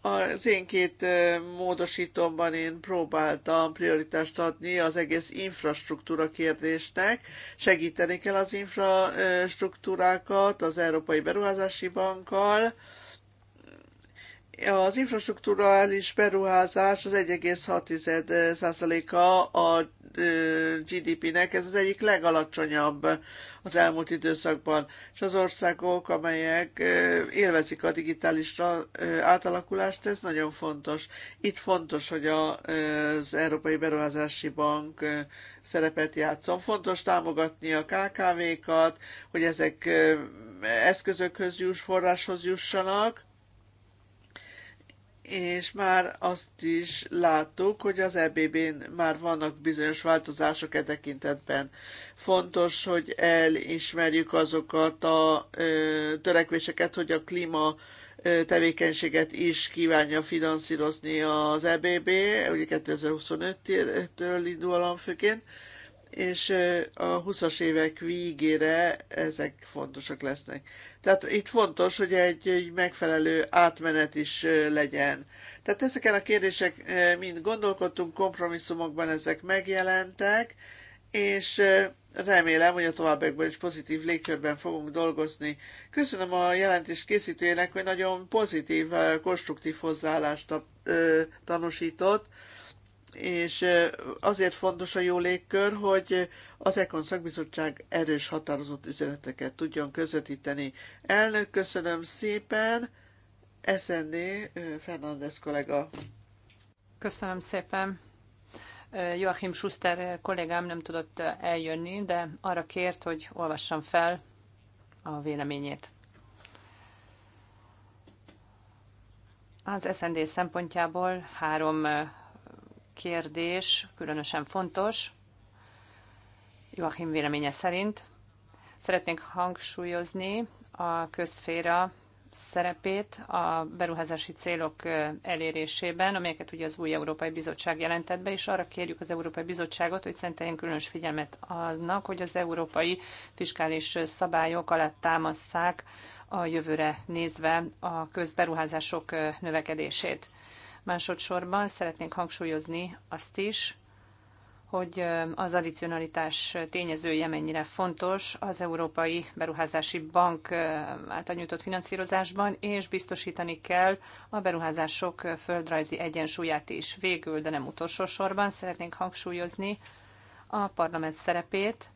Az én két módosítomban én próbáltam prioritást adni az egész infrastruktúra kérdésnek. Segíteni kell az infrastruktúrákat az Európai Beruházási Bankkal, az infrastruktúrális beruházás az 1,6%-a a GDP-nek, ez az egyik legalacsonyabb az elmúlt időszakban, és az országok, amelyek élvezik a digitális átalakulást, ez nagyon fontos. Itt fontos, hogy az Európai Beruházási Bank szerepet játszon. Fontos támogatni a KKV-kat, hogy ezek eszközökhöz juss, forráshoz jussanak, és már azt is láttuk, hogy az EBB-n már vannak bizonyos változások e tekintetben. Fontos, hogy elismerjük azokat a ö, törekvéseket, hogy a klíma tevékenységet is kívánja finanszírozni az EBB, ugye 2025-től indulóan főként, és a 20-as évek végére ezek fontosak lesznek. Tehát itt fontos, hogy egy, egy megfelelő átmenet is legyen. Tehát ezeken a kérdések mind gondolkodtunk, kompromisszumokban ezek megjelentek, és remélem, hogy a továbbiakban is pozitív légkörben fogunk dolgozni. Köszönöm a jelentés készítőjének, hogy nagyon pozitív, konstruktív hozzáállást tanúsított, és azért fontos a jó légkör, hogy az Ekon szakbizottság erős határozott üzeneteket tudjon közvetíteni. Elnök, köszönöm szépen, SND Fernández kollega. Köszönöm szépen. Joachim Schuster kollégám nem tudott eljönni, de arra kért, hogy olvassam fel a véleményét. Az SND szempontjából három kérdés különösen fontos, Joachim véleménye szerint. Szeretnénk hangsúlyozni a közféra szerepét a beruházási célok elérésében, amelyeket ugye az új Európai Bizottság jelentett be, és arra kérjük az Európai Bizottságot, hogy szenteljen különös figyelmet annak, hogy az európai fiskális szabályok alatt támasszák a jövőre nézve a közberuházások növekedését. Másodszorban szeretnénk hangsúlyozni azt is, hogy az addicionalitás tényezője mennyire fontos az Európai Beruházási Bank által nyújtott finanszírozásban, és biztosítani kell a beruházások földrajzi egyensúlyát is. Végül, de nem utolsó sorban szeretnénk hangsúlyozni a parlament szerepét,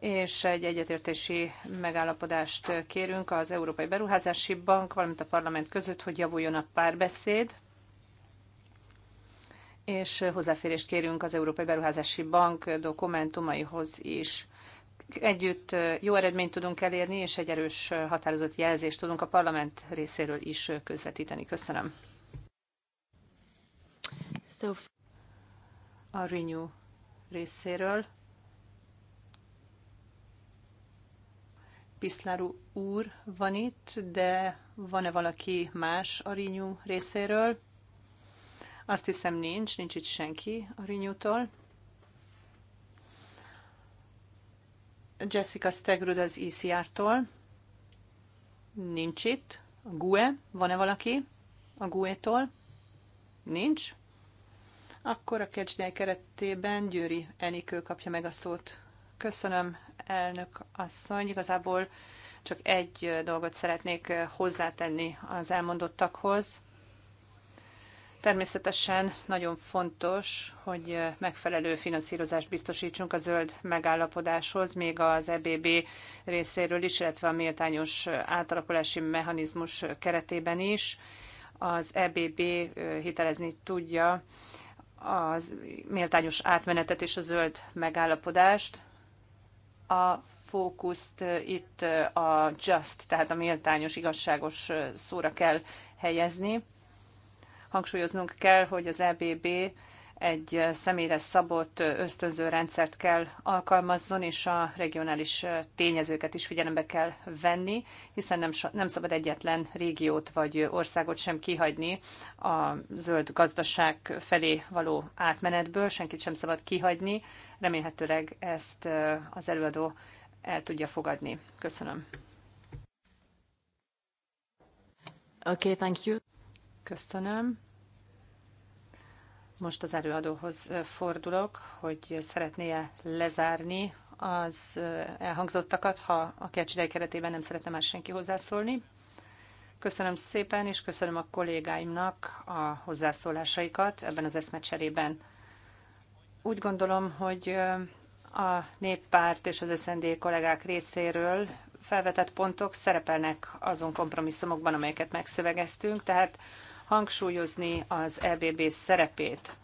és egy egyetértési megállapodást kérünk az Európai Beruházási Bank, valamint a parlament között, hogy javuljon a párbeszéd és hozzáférést kérünk az Európai Beruházási Bank dokumentumaihoz is. Együtt jó eredményt tudunk elérni, és egy erős határozott jelzést tudunk a parlament részéről is közvetíteni. Köszönöm. So, a Renew részéről. Piszláru úr van itt, de van-e valaki más a Renew részéről? Azt hiszem nincs, nincs itt senki a Rinyútól. Jessica Stegrud az ECR-tól. Nincs itt. A GUE, van-e valaki a GUE-tól? Nincs. Akkor a kecsdély keretében Győri Enikő kapja meg a szót. Köszönöm, elnök asszony. Igazából csak egy dolgot szeretnék hozzátenni az elmondottakhoz. Természetesen nagyon fontos, hogy megfelelő finanszírozást biztosítsunk a zöld megállapodáshoz, még az EBB részéről is, illetve a méltányos átalakulási mechanizmus keretében is. Az EBB hitelezni tudja az méltányos átmenetet és a zöld megállapodást. A fókuszt itt a just, tehát a méltányos, igazságos szóra kell helyezni Hangsúlyoznunk kell, hogy az EBB egy személyre szabott ösztönző rendszert kell alkalmazzon, és a regionális tényezőket is figyelembe kell venni, hiszen nem, nem szabad egyetlen régiót vagy országot sem kihagyni a zöld gazdaság felé való átmenetből, senkit sem szabad kihagyni. Remélhetőleg ezt eh, az előadó el tudja fogadni. Köszönöm. Okay, thank you. Köszönöm. Most az előadóhoz fordulok, hogy szeretné-e lezárni az elhangzottakat, ha a kercsidei keretében nem szeretne már senki hozzászólni. Köszönöm szépen, és köszönöm a kollégáimnak a hozzászólásaikat ebben az eszmecserében. Úgy gondolom, hogy a néppárt és az SZND kollégák részéről felvetett pontok szerepelnek azon kompromisszumokban, amelyeket megszövegeztünk, tehát hangsúlyozni az EBB szerepét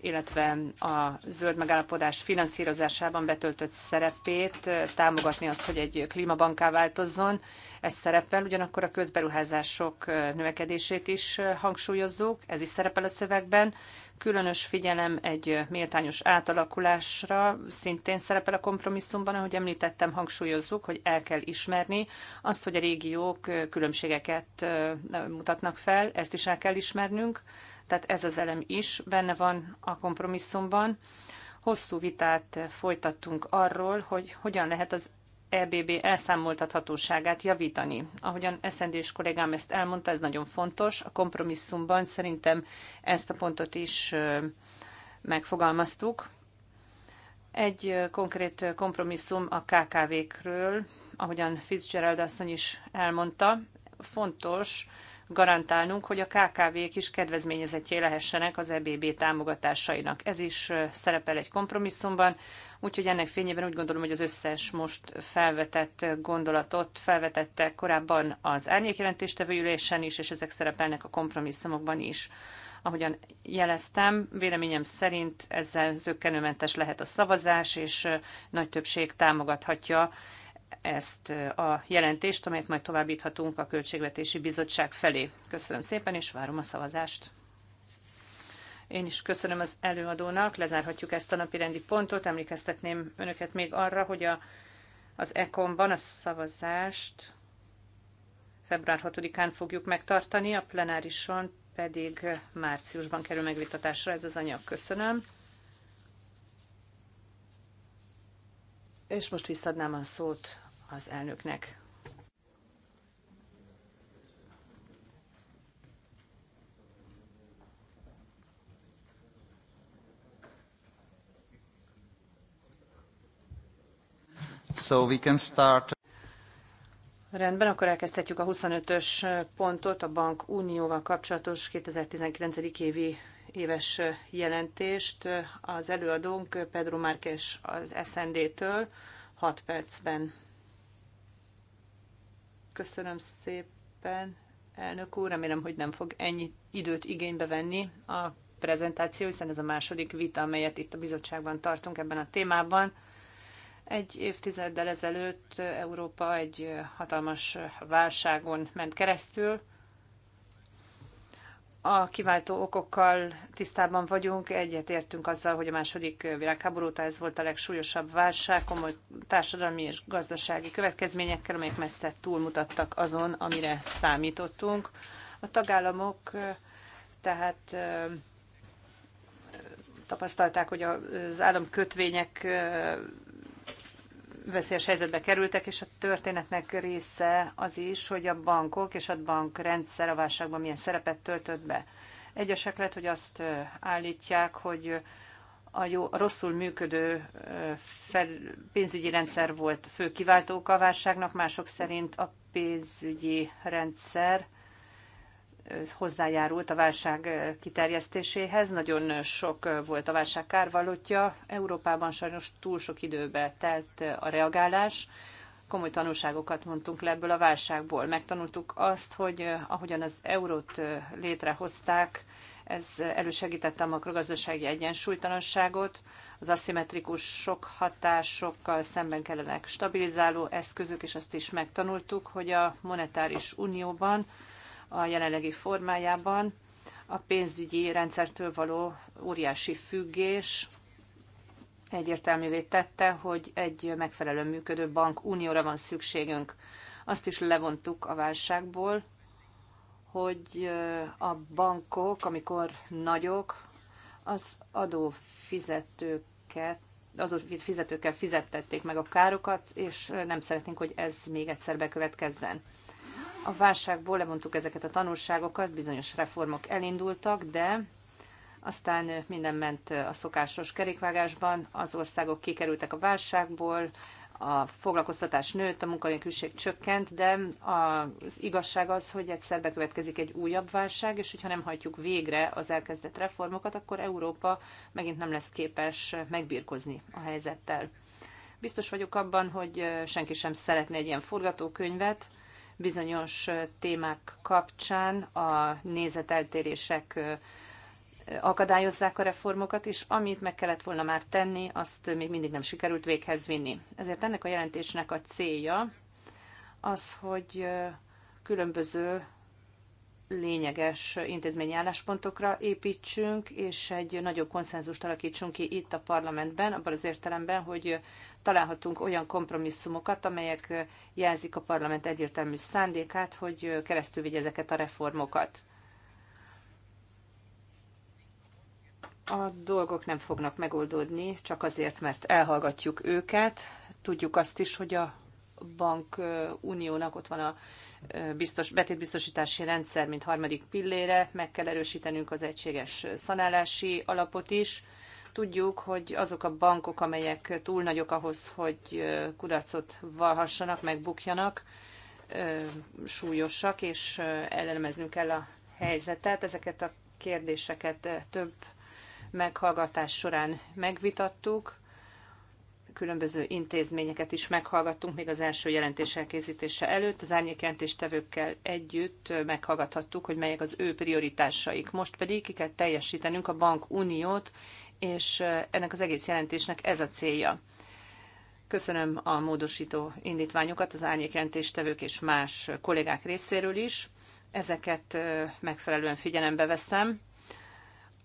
illetve a zöld megállapodás finanszírozásában betöltött szerepét, támogatni azt, hogy egy klímabanká változzon. Ez szerepel, ugyanakkor a közberuházások növekedését is hangsúlyozzuk, ez is szerepel a szövegben. Különös figyelem egy méltányos átalakulásra szintén szerepel a kompromisszumban, ahogy említettem, hangsúlyozzuk, hogy el kell ismerni azt, hogy a régiók különbségeket mutatnak fel, ezt is el kell ismernünk tehát ez az elem is benne van a kompromisszumban. Hosszú vitát folytattunk arról, hogy hogyan lehet az EBB elszámoltathatóságát javítani. Ahogyan Eszendés kollégám ezt elmondta, ez nagyon fontos. A kompromisszumban szerintem ezt a pontot is megfogalmaztuk. Egy konkrét kompromisszum a KKV-kről, ahogyan Fitzgerald asszony is elmondta, fontos, garantálnunk, hogy a KKV-k is kedvezményezetjé lehessenek az EBB támogatásainak. Ez is szerepel egy kompromisszumban, úgyhogy ennek fényében úgy gondolom, hogy az összes most felvetett gondolatot felvetette korábban az árnyékjelentéstevő ülésen is, és ezek szerepelnek a kompromisszumokban is ahogyan jeleztem, véleményem szerint ezzel zöggenőmentes lehet a szavazás, és nagy többség támogathatja ezt a jelentést, amelyet majd továbbíthatunk a Költségvetési Bizottság felé. Köszönöm szépen, és várom a szavazást. Én is köszönöm az előadónak, lezárhatjuk ezt a napi rendi pontot. Emlékeztetném önöket még arra, hogy a, az ECOM-ban a szavazást február 6-án fogjuk megtartani, a plenárison pedig márciusban kerül megvitatásra ez az anyag. Köszönöm. És most visszadnám a szót az elnöknek. So we can start. Rendben, akkor elkezdhetjük a 25-ös pontot, a Bank Unióval kapcsolatos 2019. évi éves jelentést az előadónk Pedro Márkes az SND-től 6 percben. Köszönöm szépen, elnök úr. Remélem, hogy nem fog ennyi időt igénybe venni a prezentáció, hiszen ez a második vita, amelyet itt a bizottságban tartunk ebben a témában. Egy évtizeddel ezelőtt Európa egy hatalmas válságon ment keresztül, a kiváltó okokkal tisztában vagyunk, egyetértünk azzal, hogy a második világháború óta ez volt a legsúlyosabb válság, komoly társadalmi és gazdasági következményekkel, amelyek messze túlmutattak azon, amire számítottunk. A tagállamok tehát tapasztalták, hogy az államkötvények veszélyes helyzetbe kerültek, és a történetnek része az is, hogy a bankok és a bankrendszer a válságban milyen szerepet töltött be. Egyesek lehet, hogy azt állítják, hogy a, jó, a rosszul működő fel, pénzügyi rendszer volt fő kiváltó a válságnak, mások szerint a pénzügyi rendszer hozzájárult a válság kiterjesztéséhez. Nagyon sok volt a válság kárvalótja. Európában sajnos túl sok időbe telt a reagálás. Komoly tanulságokat mondtunk le ebből a válságból. Megtanultuk azt, hogy ahogyan az eurót létrehozták, ez elősegítette a makrogazdasági egyensúlytalanságot, az aszimmetrikus sok hatásokkal szemben kellenek stabilizáló eszközök, és azt is megtanultuk, hogy a monetáris unióban a jelenlegi formájában. A pénzügyi rendszertől való óriási függés egyértelművé tette, hogy egy megfelelő működő bank unióra van szükségünk. Azt is levontuk a válságból, hogy a bankok, amikor nagyok, az adófizetőket azok fizetőkkel fizettették meg a károkat, és nem szeretnénk, hogy ez még egyszer bekövetkezzen. A válságból levontuk ezeket a tanulságokat, bizonyos reformok elindultak, de aztán minden ment a szokásos kerékvágásban, az országok kikerültek a válságból, a foglalkoztatás nőtt, a munkanélküliség csökkent, de az igazság az, hogy egyszer bekövetkezik egy újabb válság, és hogyha nem hajtjuk végre az elkezdett reformokat, akkor Európa megint nem lesz képes megbírkozni a helyzettel. Biztos vagyok abban, hogy senki sem szeretne egy ilyen forgatókönyvet, bizonyos témák kapcsán a nézeteltérések akadályozzák a reformokat, és amit meg kellett volna már tenni, azt még mindig nem sikerült véghez vinni. Ezért ennek a jelentésnek a célja az, hogy különböző lényeges intézményi álláspontokra építsünk, és egy nagyobb konszenzust alakítsunk ki itt a parlamentben, abban az értelemben, hogy találhatunk olyan kompromisszumokat, amelyek jelzik a parlament egyértelmű szándékát, hogy keresztül vigye ezeket a reformokat. A dolgok nem fognak megoldódni, csak azért, mert elhallgatjuk őket. Tudjuk azt is, hogy a bankuniónak ott van a biztos, betétbiztosítási rendszer, mint harmadik pillére, meg kell erősítenünk az egységes szanálási alapot is. Tudjuk, hogy azok a bankok, amelyek túl nagyok ahhoz, hogy kudarcot valhassanak, megbukjanak, súlyosak, és ellenemeznünk kell a helyzetet. Ezeket a kérdéseket több meghallgatás során megvitattuk különböző intézményeket is meghallgattunk még az első jelentés elkészítése előtt. Az árnyékjelentéstevőkkel együtt meghallgathattuk, hogy melyek az ő prioritásaik. Most pedig ki kell teljesítenünk a bank uniót és ennek az egész jelentésnek ez a célja. Köszönöm a módosító indítványokat az árnyékjelentéstevők és más kollégák részéről is. Ezeket megfelelően figyelembe veszem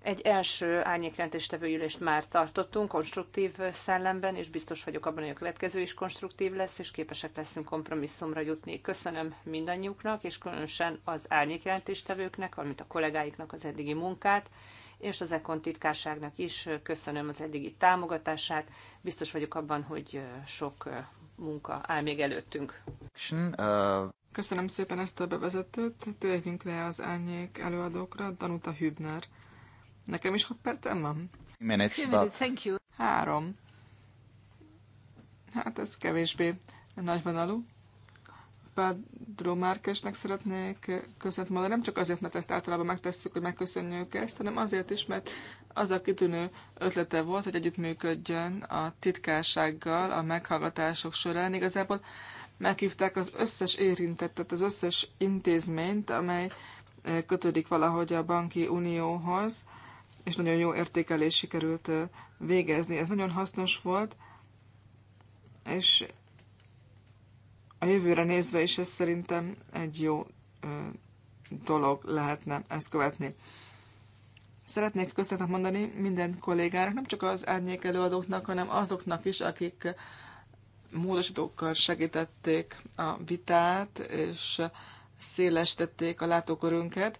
egy első árnyékrendéstevő ülést már tartottunk konstruktív szellemben, és biztos vagyok abban, hogy a következő is konstruktív lesz, és képesek leszünk kompromisszumra jutni. Köszönöm mindannyiuknak, és különösen az árnyékrendéstevőknek, valamint a kollégáiknak az eddigi munkát, és az Ekon titkárságnak is köszönöm az eddigi támogatását. Biztos vagyok abban, hogy sok munka áll még előttünk. Köszönöm szépen ezt a bevezetőt. Térjünk le az árnyék előadókra. Danuta Hübner Nekem is 6 percem van? Minutes, but... Thank you. Három. Hát ez kevésbé nagyvonalú. Pedro Márkesnek szeretnék köszönet mondani, nem csak azért, mert ezt általában megtesszük, hogy megköszönjük ezt, hanem azért is, mert az a kitűnő ötlete volt, hogy együttműködjön a titkársággal a meghallgatások során. Igazából meghívták az összes érintettet, az összes intézményt, amely kötődik valahogy a banki unióhoz, és nagyon jó értékelés sikerült végezni. Ez nagyon hasznos volt, és a jövőre nézve is ez szerintem egy jó dolog lehetne ezt követni. Szeretnék köszönetet mondani minden kollégának, nem csak az árnyék előadóknak, hanem azoknak is, akik módosítókkal segítették a vitát, és szélestették a látókörünket.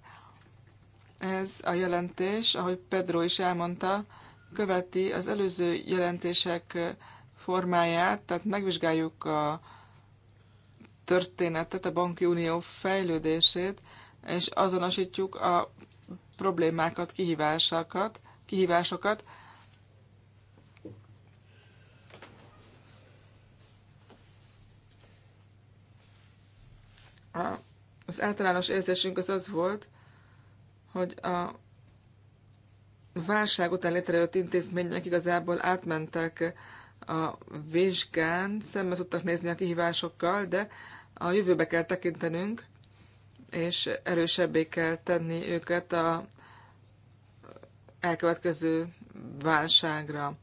Ez a jelentés, ahogy Pedro is elmondta, követi az előző jelentések formáját, tehát megvizsgáljuk a történetet, a banki unió fejlődését, és azonosítjuk a problémákat, kihívásokat, kihívásokat. Az általános érzésünk az az volt, hogy a válság után létrejött intézmények igazából átmentek a vizsgán, szembe tudtak nézni a kihívásokkal, de a jövőbe kell tekintenünk, és erősebbé kell tenni őket a elkövetkező válságra.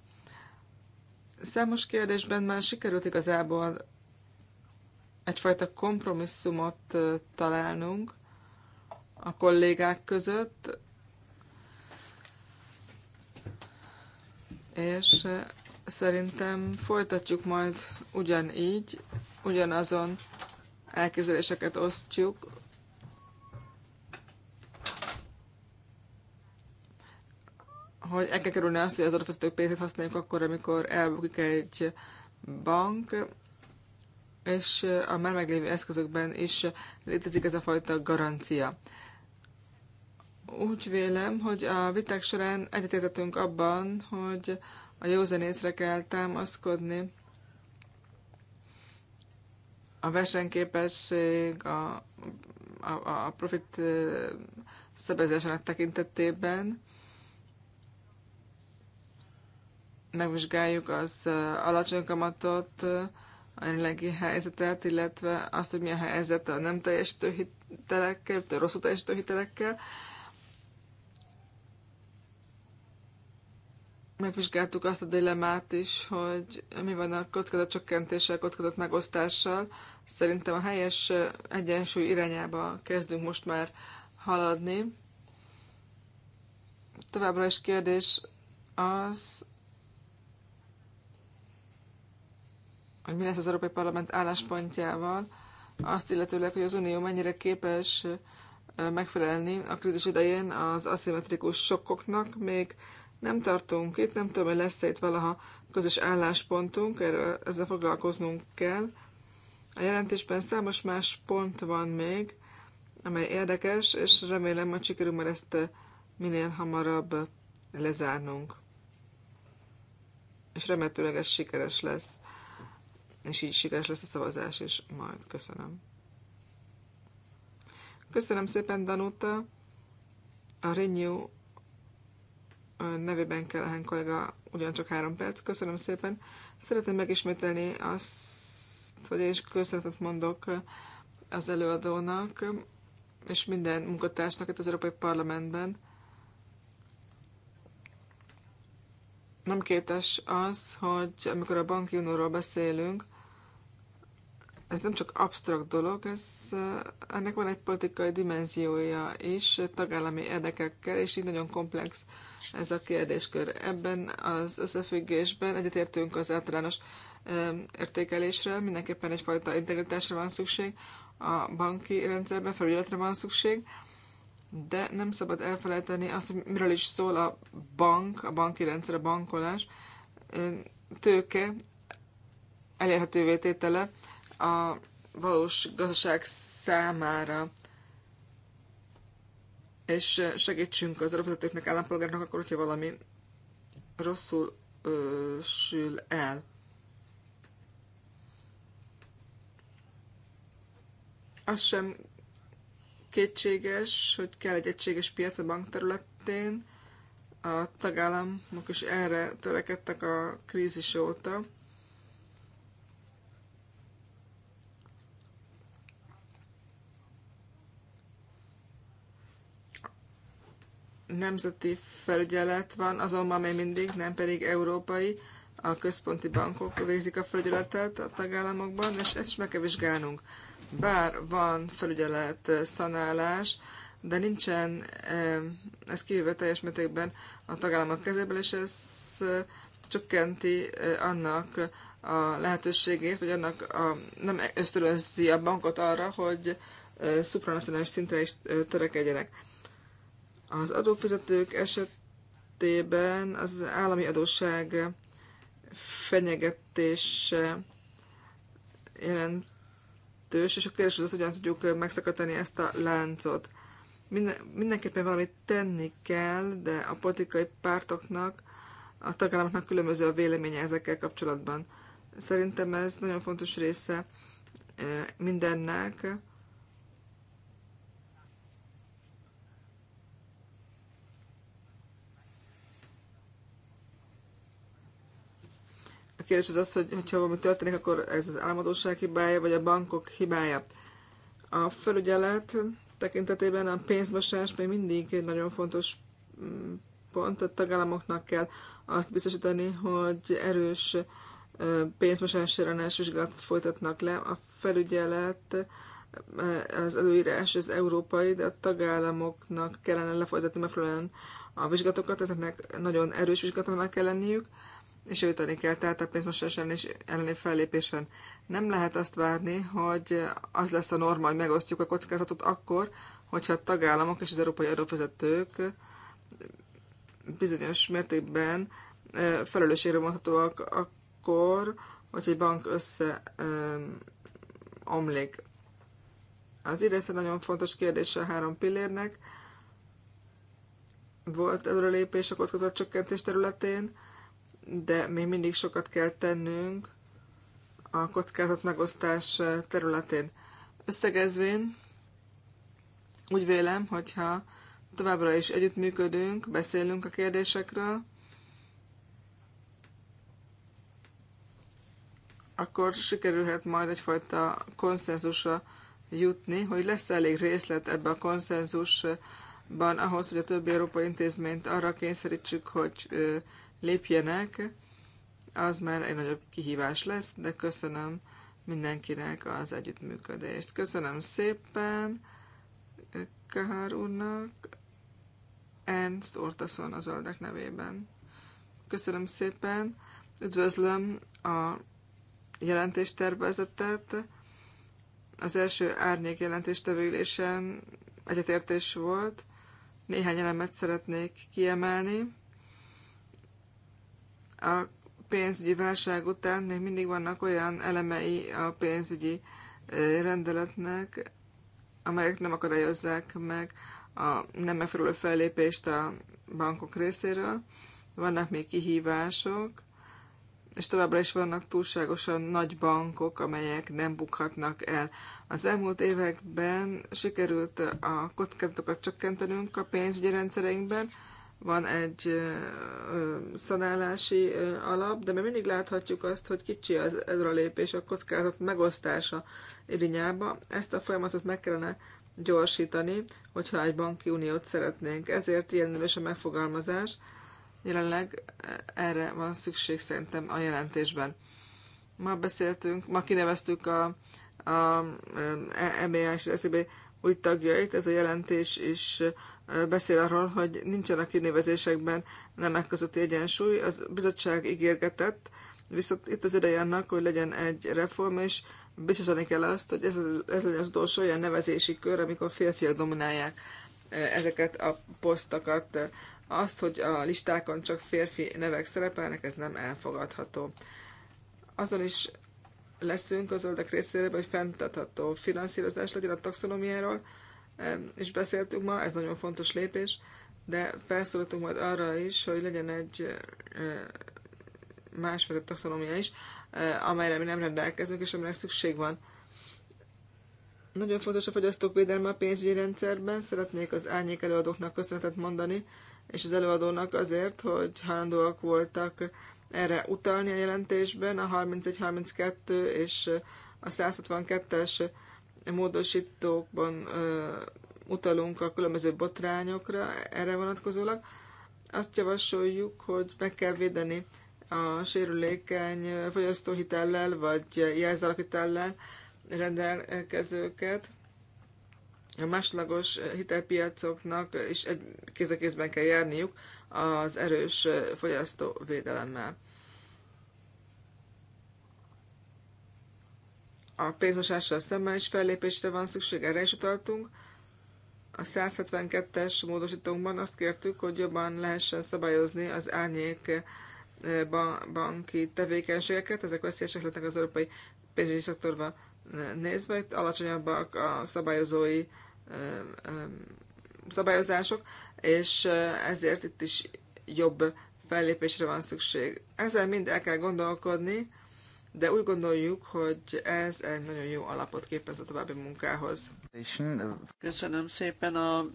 Számos kérdésben már sikerült igazából egyfajta kompromisszumot találnunk, a kollégák között, és eh, szerintem folytatjuk majd ugyanígy, ugyanazon elképzeléseket osztjuk. hogy el kell kerülni azt, hogy az adófizetők pénzét használjuk akkor, amikor elbukik egy bank, és eh, a már meglévő eszközökben is létezik ez a fajta garancia. Úgy vélem, hogy a viták során egyetértettünk abban, hogy a jó zenészre kell támaszkodni. A versenyképesség, a, a, a profit szabályozásának tekintetében megvizsgáljuk az alacsony kamatot, a jelenlegi helyzetet, illetve azt, hogy mi a helyzet a nem teljesítő hitelekkel, a rosszul teljesítő hitelekkel, megvizsgáltuk azt a dilemát is, hogy mi van a csökkentéssel, kockázat megosztással. Szerintem a helyes egyensúly irányába kezdünk most már haladni. Továbbra is kérdés az, hogy mi lesz az Európai Parlament álláspontjával, azt illetőleg, hogy az Unió mennyire képes megfelelni a krízis idején az aszimmetrikus sokkoknak, még nem tartunk itt, nem tudom, hogy lesz-e itt valaha közös álláspontunk, erről ezzel foglalkoznunk kell. A jelentésben számos más pont van még, amely érdekes, és remélem, hogy sikerül már ezt eh, minél hamarabb lezárnunk. És remélhetőleg ez sikeres lesz, és így sikeres lesz a szavazás, és majd köszönöm. Köszönöm szépen, Danuta. A Renew nevében kell hány kollega ugyancsak három perc. Köszönöm szépen. Szeretném megismételni azt, hogy én is köszönetet mondok az előadónak és minden munkatársnak itt az Európai Parlamentben. Nem kétes az, hogy amikor a banki unióról beszélünk, ez nem csak absztrakt dolog, ez, eh, ennek van egy politikai dimenziója is, tagállami érdekekkel, és így nagyon komplex ez a kérdéskör. Ebben az összefüggésben egyetértünk az általános eh, értékelésre, mindenképpen egyfajta integritásra van szükség, a banki rendszerben felügyeletre van szükség, de nem szabad elfelejteni azt, hogy miről is szól a bank, a banki rendszer, a bankolás, eh, tőke elérhetővé tétele, a valós gazdaság számára, és segítsünk az adófizetőknek, állampolgárnak akkor, hogyha valami rosszul ö, sül el. Az sem kétséges, hogy kell egy egységes piac a bankterületén. A tagállamok is erre törekedtek a krízis óta. nemzeti felügyelet van, azonban még mindig, nem pedig európai, a központi bankok végzik a felügyeletet a tagállamokban, és ezt is meg kell vizsgálnunk. Bár van felügyelet eh, szanálás, de nincsen eh, ez kivéve teljes mértékben a tagállamok kezében, és ez eh, csökkenti annak a lehetőségét, vagy annak a, nem ösztönözi a bankot arra, hogy szupranacionális szintre is törekedjenek. Az adófizetők esetében az állami adósság fenyegetése jelentős, és a kérdés az, hogyan tudjuk megszakítani ezt a láncot. Minden, mindenképpen valamit tenni kell, de a politikai pártoknak, a tagállamoknak különböző a véleménye ezekkel kapcsolatban. Szerintem ez nagyon fontos része eh, mindennek, kérdés az az, hogy ha valami történik, akkor ez az álmodóság hibája, vagy a bankok hibája. A felügyelet tekintetében a pénzmosás még mindig egy nagyon fontos mm, pont, a tagállamoknak kell azt biztosítani, hogy erős pénzmosás ellenes vizsgálatot folytatnak le. A felügyelet, az előírás az európai, de a tagállamoknak kellene lefolytatni megfelelően a vizsgatokat, ezeknek nagyon erős vizsgatoknak kell lenniük, és javítani kell, tehát a pénzmosás elleni fellépésen. Nem lehet azt várni, hogy az lesz a norma, hogy megosztjuk a kockázatot akkor, hogyha a tagállamok és az európai adófizetők bizonyos mértékben felelősségre mondhatóak akkor, hogy egy bank összeomlik. Az idészre nagyon fontos kérdése a három pillérnek. Volt előrelépés a kockázatcsökkentés területén, de még mindig sokat kell tennünk a kockázat megosztás területén. Összegezvén úgy vélem, hogyha továbbra is együttműködünk, beszélünk a kérdésekről, akkor sikerülhet majd egyfajta konszenzusra jutni, hogy lesz elég részlet ebbe a konszenzusban ahhoz, hogy a többi európai intézményt arra kényszerítsük, hogy lépjenek, az már egy nagyobb kihívás lesz, de köszönöm mindenkinek az együttműködést. Köszönöm szépen Kahár úrnak, Ernst Ortason az zöldek nevében. Köszönöm szépen, üdvözlöm a jelentéstervezetet. Az első árnyék jelentéstevő egyetértés volt. Néhány elemet szeretnék kiemelni a pénzügyi válság után még mindig vannak olyan elemei a pénzügyi rendeletnek, amelyek nem akadályozzák meg a nem megfelelő fellépést a bankok részéről. Vannak még kihívások, és továbbra is vannak túlságosan nagy bankok, amelyek nem bukhatnak el. Az elmúlt években sikerült a kockázatokat csökkentenünk a pénzügyi rendszereinkben, van egy szanálási alap, de mi mindig láthatjuk azt, hogy kicsi az ez a kockázat megosztása irányába. Ezt a folyamatot meg kellene gyorsítani, hogyha egy banki uniót szeretnénk. Ezért ilyen erős a megfogalmazás. Jelenleg erre van szükség szerintem a jelentésben. Ma beszéltünk, ma kineveztük a, a EMEA és az ECB új tagjait, ez a jelentés is beszél arról, hogy a kinevezésekben nemek közötti egyensúly. Az bizottság ígérgetett, viszont itt az ideje annak, hogy legyen egy reform, és biztosítani kell azt, hogy ez, ez legyen az utolsó olyan nevezési kör, amikor férfiak dominálják eh, ezeket a posztokat. azt, hogy a listákon csak férfi nevek szerepelnek, ez nem elfogadható. Azon is leszünk az oldak részéről, hogy fenntartható finanszírozás legyen a taxonomiáról, és beszéltünk ma, ez nagyon fontos lépés, de felszólítunk majd arra is, hogy legyen egy eh, másfajta taxonomia is, eh, amelyre mi nem rendelkezünk, és amire szükség van. Nagyon fontos a fogyasztók védelme a pénzügyi rendszerben. Szeretnék az árnyék előadóknak köszönetet mondani, és az előadónak azért, hogy hajlandóak voltak erre utalni a jelentésben, a 31-32 és a 162-es módosítókban utalunk a különböző botrányokra erre vonatkozólag. Azt javasoljuk, hogy meg kell védeni a sérülékeny fogyasztóhitellel vagy jelzálakitellel rendelkezőket. A másodlagos hitelpiacoknak is egy kéz a kézben kell járniuk az erős fogyasztóvédelemmel. a pénzmosással szemben is fellépésre van szükség, erre is utaltunk. A 172-es módosítónkban azt kértük, hogy jobban lehessen szabályozni az árnyék eh, banki tevékenységeket, ezek veszélyesek lettek az európai pénzügyi szektorba nézve, itt alacsonyabbak a szabályozói eh, szabályozások, és eh, ezért itt is jobb fellépésre van szükség. Ezzel mind el kell gondolkodni, de úgy gondoljuk, hogy ez egy nagyon jó alapot képez a további munkához. Köszönöm szépen a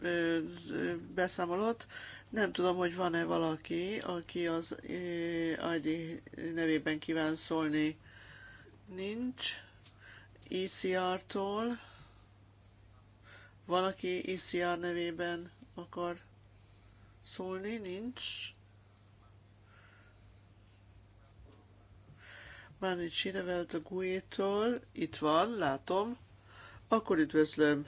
beszámolót. Nem tudom, hogy van-e valaki, aki az ID nevében kíván szólni. Nincs. ECR-tól. Van, aki ECR nevében akar szólni? Nincs. Mányi Csinevelt a GUE-tól. Itt van, látom. Akkor üdvözlöm.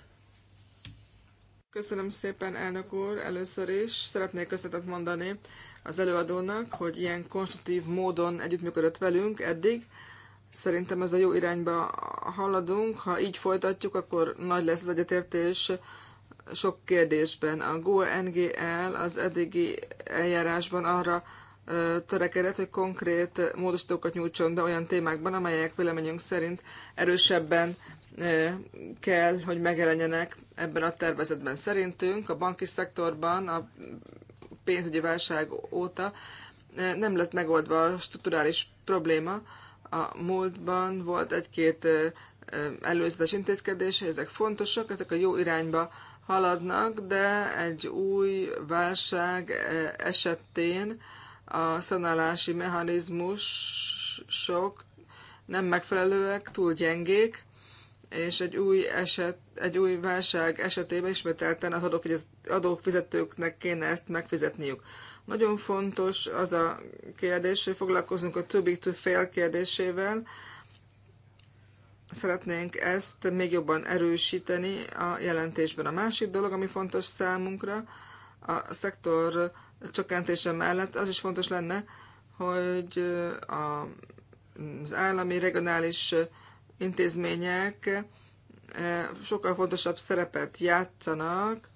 Köszönöm szépen, elnök úr, először is. Szeretnék köszönetet mondani az előadónak, hogy ilyen konstruktív módon együttműködött velünk eddig. Szerintem ez a jó irányba haladunk. Ha így folytatjuk, akkor nagy lesz az egyetértés sok kérdésben. A GUE NGL az eddigi eljárásban arra törekedett, hogy konkrét módosítókat nyújtson be olyan témákban, amelyek véleményünk szerint erősebben kell, hogy megjelenjenek ebben a tervezetben. Szerintünk a banki szektorban a pénzügyi válság óta nem lett megoldva a strukturális probléma. A múltban volt egy-két előzetes intézkedés, ezek fontosak, ezek a jó irányba haladnak, de egy új válság esetén a szanálási mechanizmusok nem megfelelőek, túl gyengék, és egy új, eset, egy új válság esetében ismételten az adófizetőknek kéne ezt megfizetniük. Nagyon fontos az a kérdés, hogy foglalkozunk a too big to fail kérdésével. Szeretnénk ezt még jobban erősíteni a jelentésben. A másik dolog, ami fontos számunkra, a szektor csökkentése mellett az is fontos lenne, hogy az állami regionális intézmények sokkal fontosabb szerepet játszanak,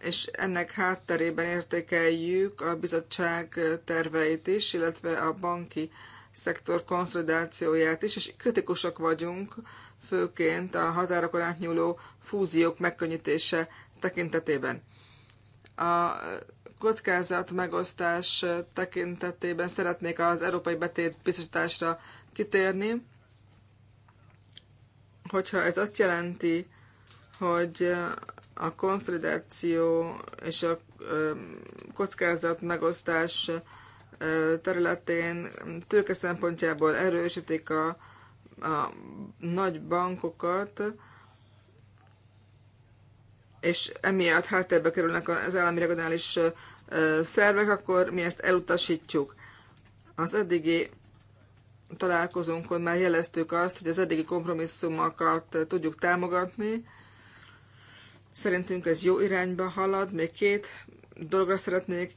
és ennek hátterében értékeljük a bizottság terveit is, illetve a banki szektor konszolidációját is, és kritikusak vagyunk, főként a határokon átnyúló fúziók megkönnyítése tekintetében. A kockázat megosztás tekintetében szeretnék az európai betét biztosításra kitérni. Hogyha ez azt jelenti, hogy a konszolidáció és a kockázat megosztás területén tőke szempontjából erősítik a, a nagy bankokat, és emiatt háttérbe kerülnek az állami regionális szervek, akkor mi ezt elutasítjuk. Az eddigi találkozónkon már jeleztük azt, hogy az eddigi kompromisszumokat tudjuk támogatni. Szerintünk ez jó irányba halad. Még két dologra szeretnék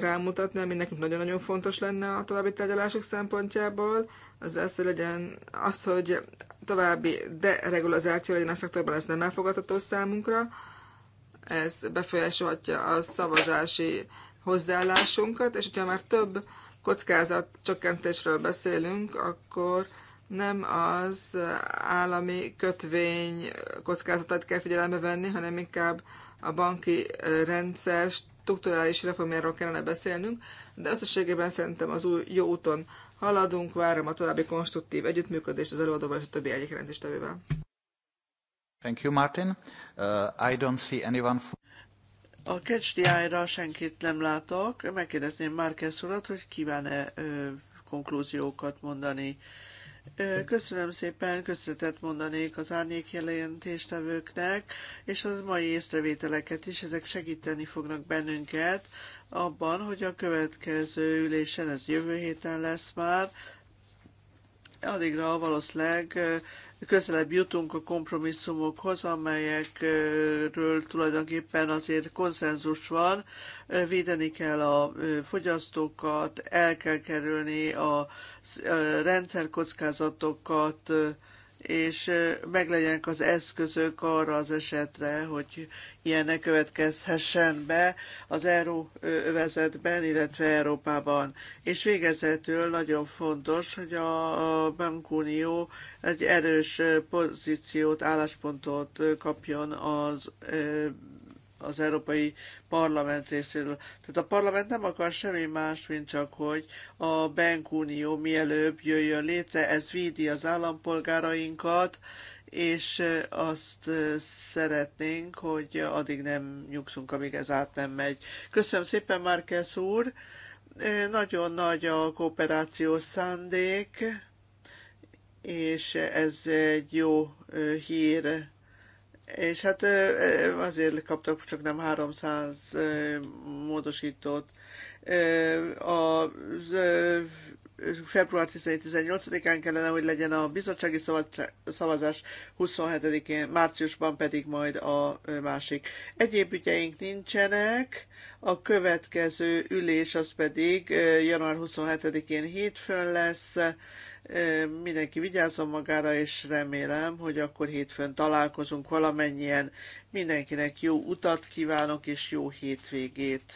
rámutatni, ami nekünk nagyon-nagyon fontos lenne a további tárgyalások szempontjából. Az első legyen az, hogy további deregulazáció legyen a szektorban, ez nem elfogadható számunkra ez befolyásolhatja a szavazási hozzáállásunkat, és hogyha már több kockázat csökkentésről beszélünk, akkor nem az állami kötvény kockázatát kell figyelembe venni, hanem inkább a banki rendszer strukturális reformjáról kellene beszélnünk, de összességében szerintem az új jó úton haladunk, várom a további konstruktív együttműködést az előadóval és a többi egyik jelentéstevővel. Thank you, Martin. Uh, I don't see anyone... A kecsdiájra senkit nem látok. Megkérdezném Márkesz urat, hogy kíván-e konklúziókat mondani. Köszönöm szépen, köszönetet mondanék az árnyék jelentéstevőknek, és az mai észrevételeket is, ezek segíteni fognak bennünket abban, hogy a következő ülésen, ez jövő héten lesz már, addigra valószínűleg közelebb jutunk a kompromisszumokhoz, amelyekről tulajdonképpen azért konszenzus van. Védeni kell a fogyasztókat, el kell kerülni a rendszerkockázatokat, és meglegyenek az eszközök arra az esetre, hogy ne következhessen be az euróövezetben, illetve Európában. És végezetül nagyon fontos, hogy a bankunió egy erős pozíciót, álláspontot kapjon az az Európai Parlament részéről. Tehát a parlament nem akar semmi más, mint csak, hogy a bankunió mielőbb jöjjön létre, ez védi az állampolgárainkat, és azt szeretnénk, hogy addig nem nyugszunk, amíg ez át nem megy. Köszönöm szépen, Márkesz úr! Nagyon nagy a kooperációs szándék, és ez egy jó hír és hát azért kaptak csak nem 300 módosítót. A február 17-18-án kellene, hogy legyen a bizottsági szavazás, 27-én, márciusban pedig majd a másik. Egyéb ügyeink nincsenek, a következő ülés az pedig január 27-én hétfőn lesz, mindenki vigyázzon magára, és remélem, hogy akkor hétfőn találkozunk valamennyien. Mindenkinek jó utat kívánok, és jó hétvégét!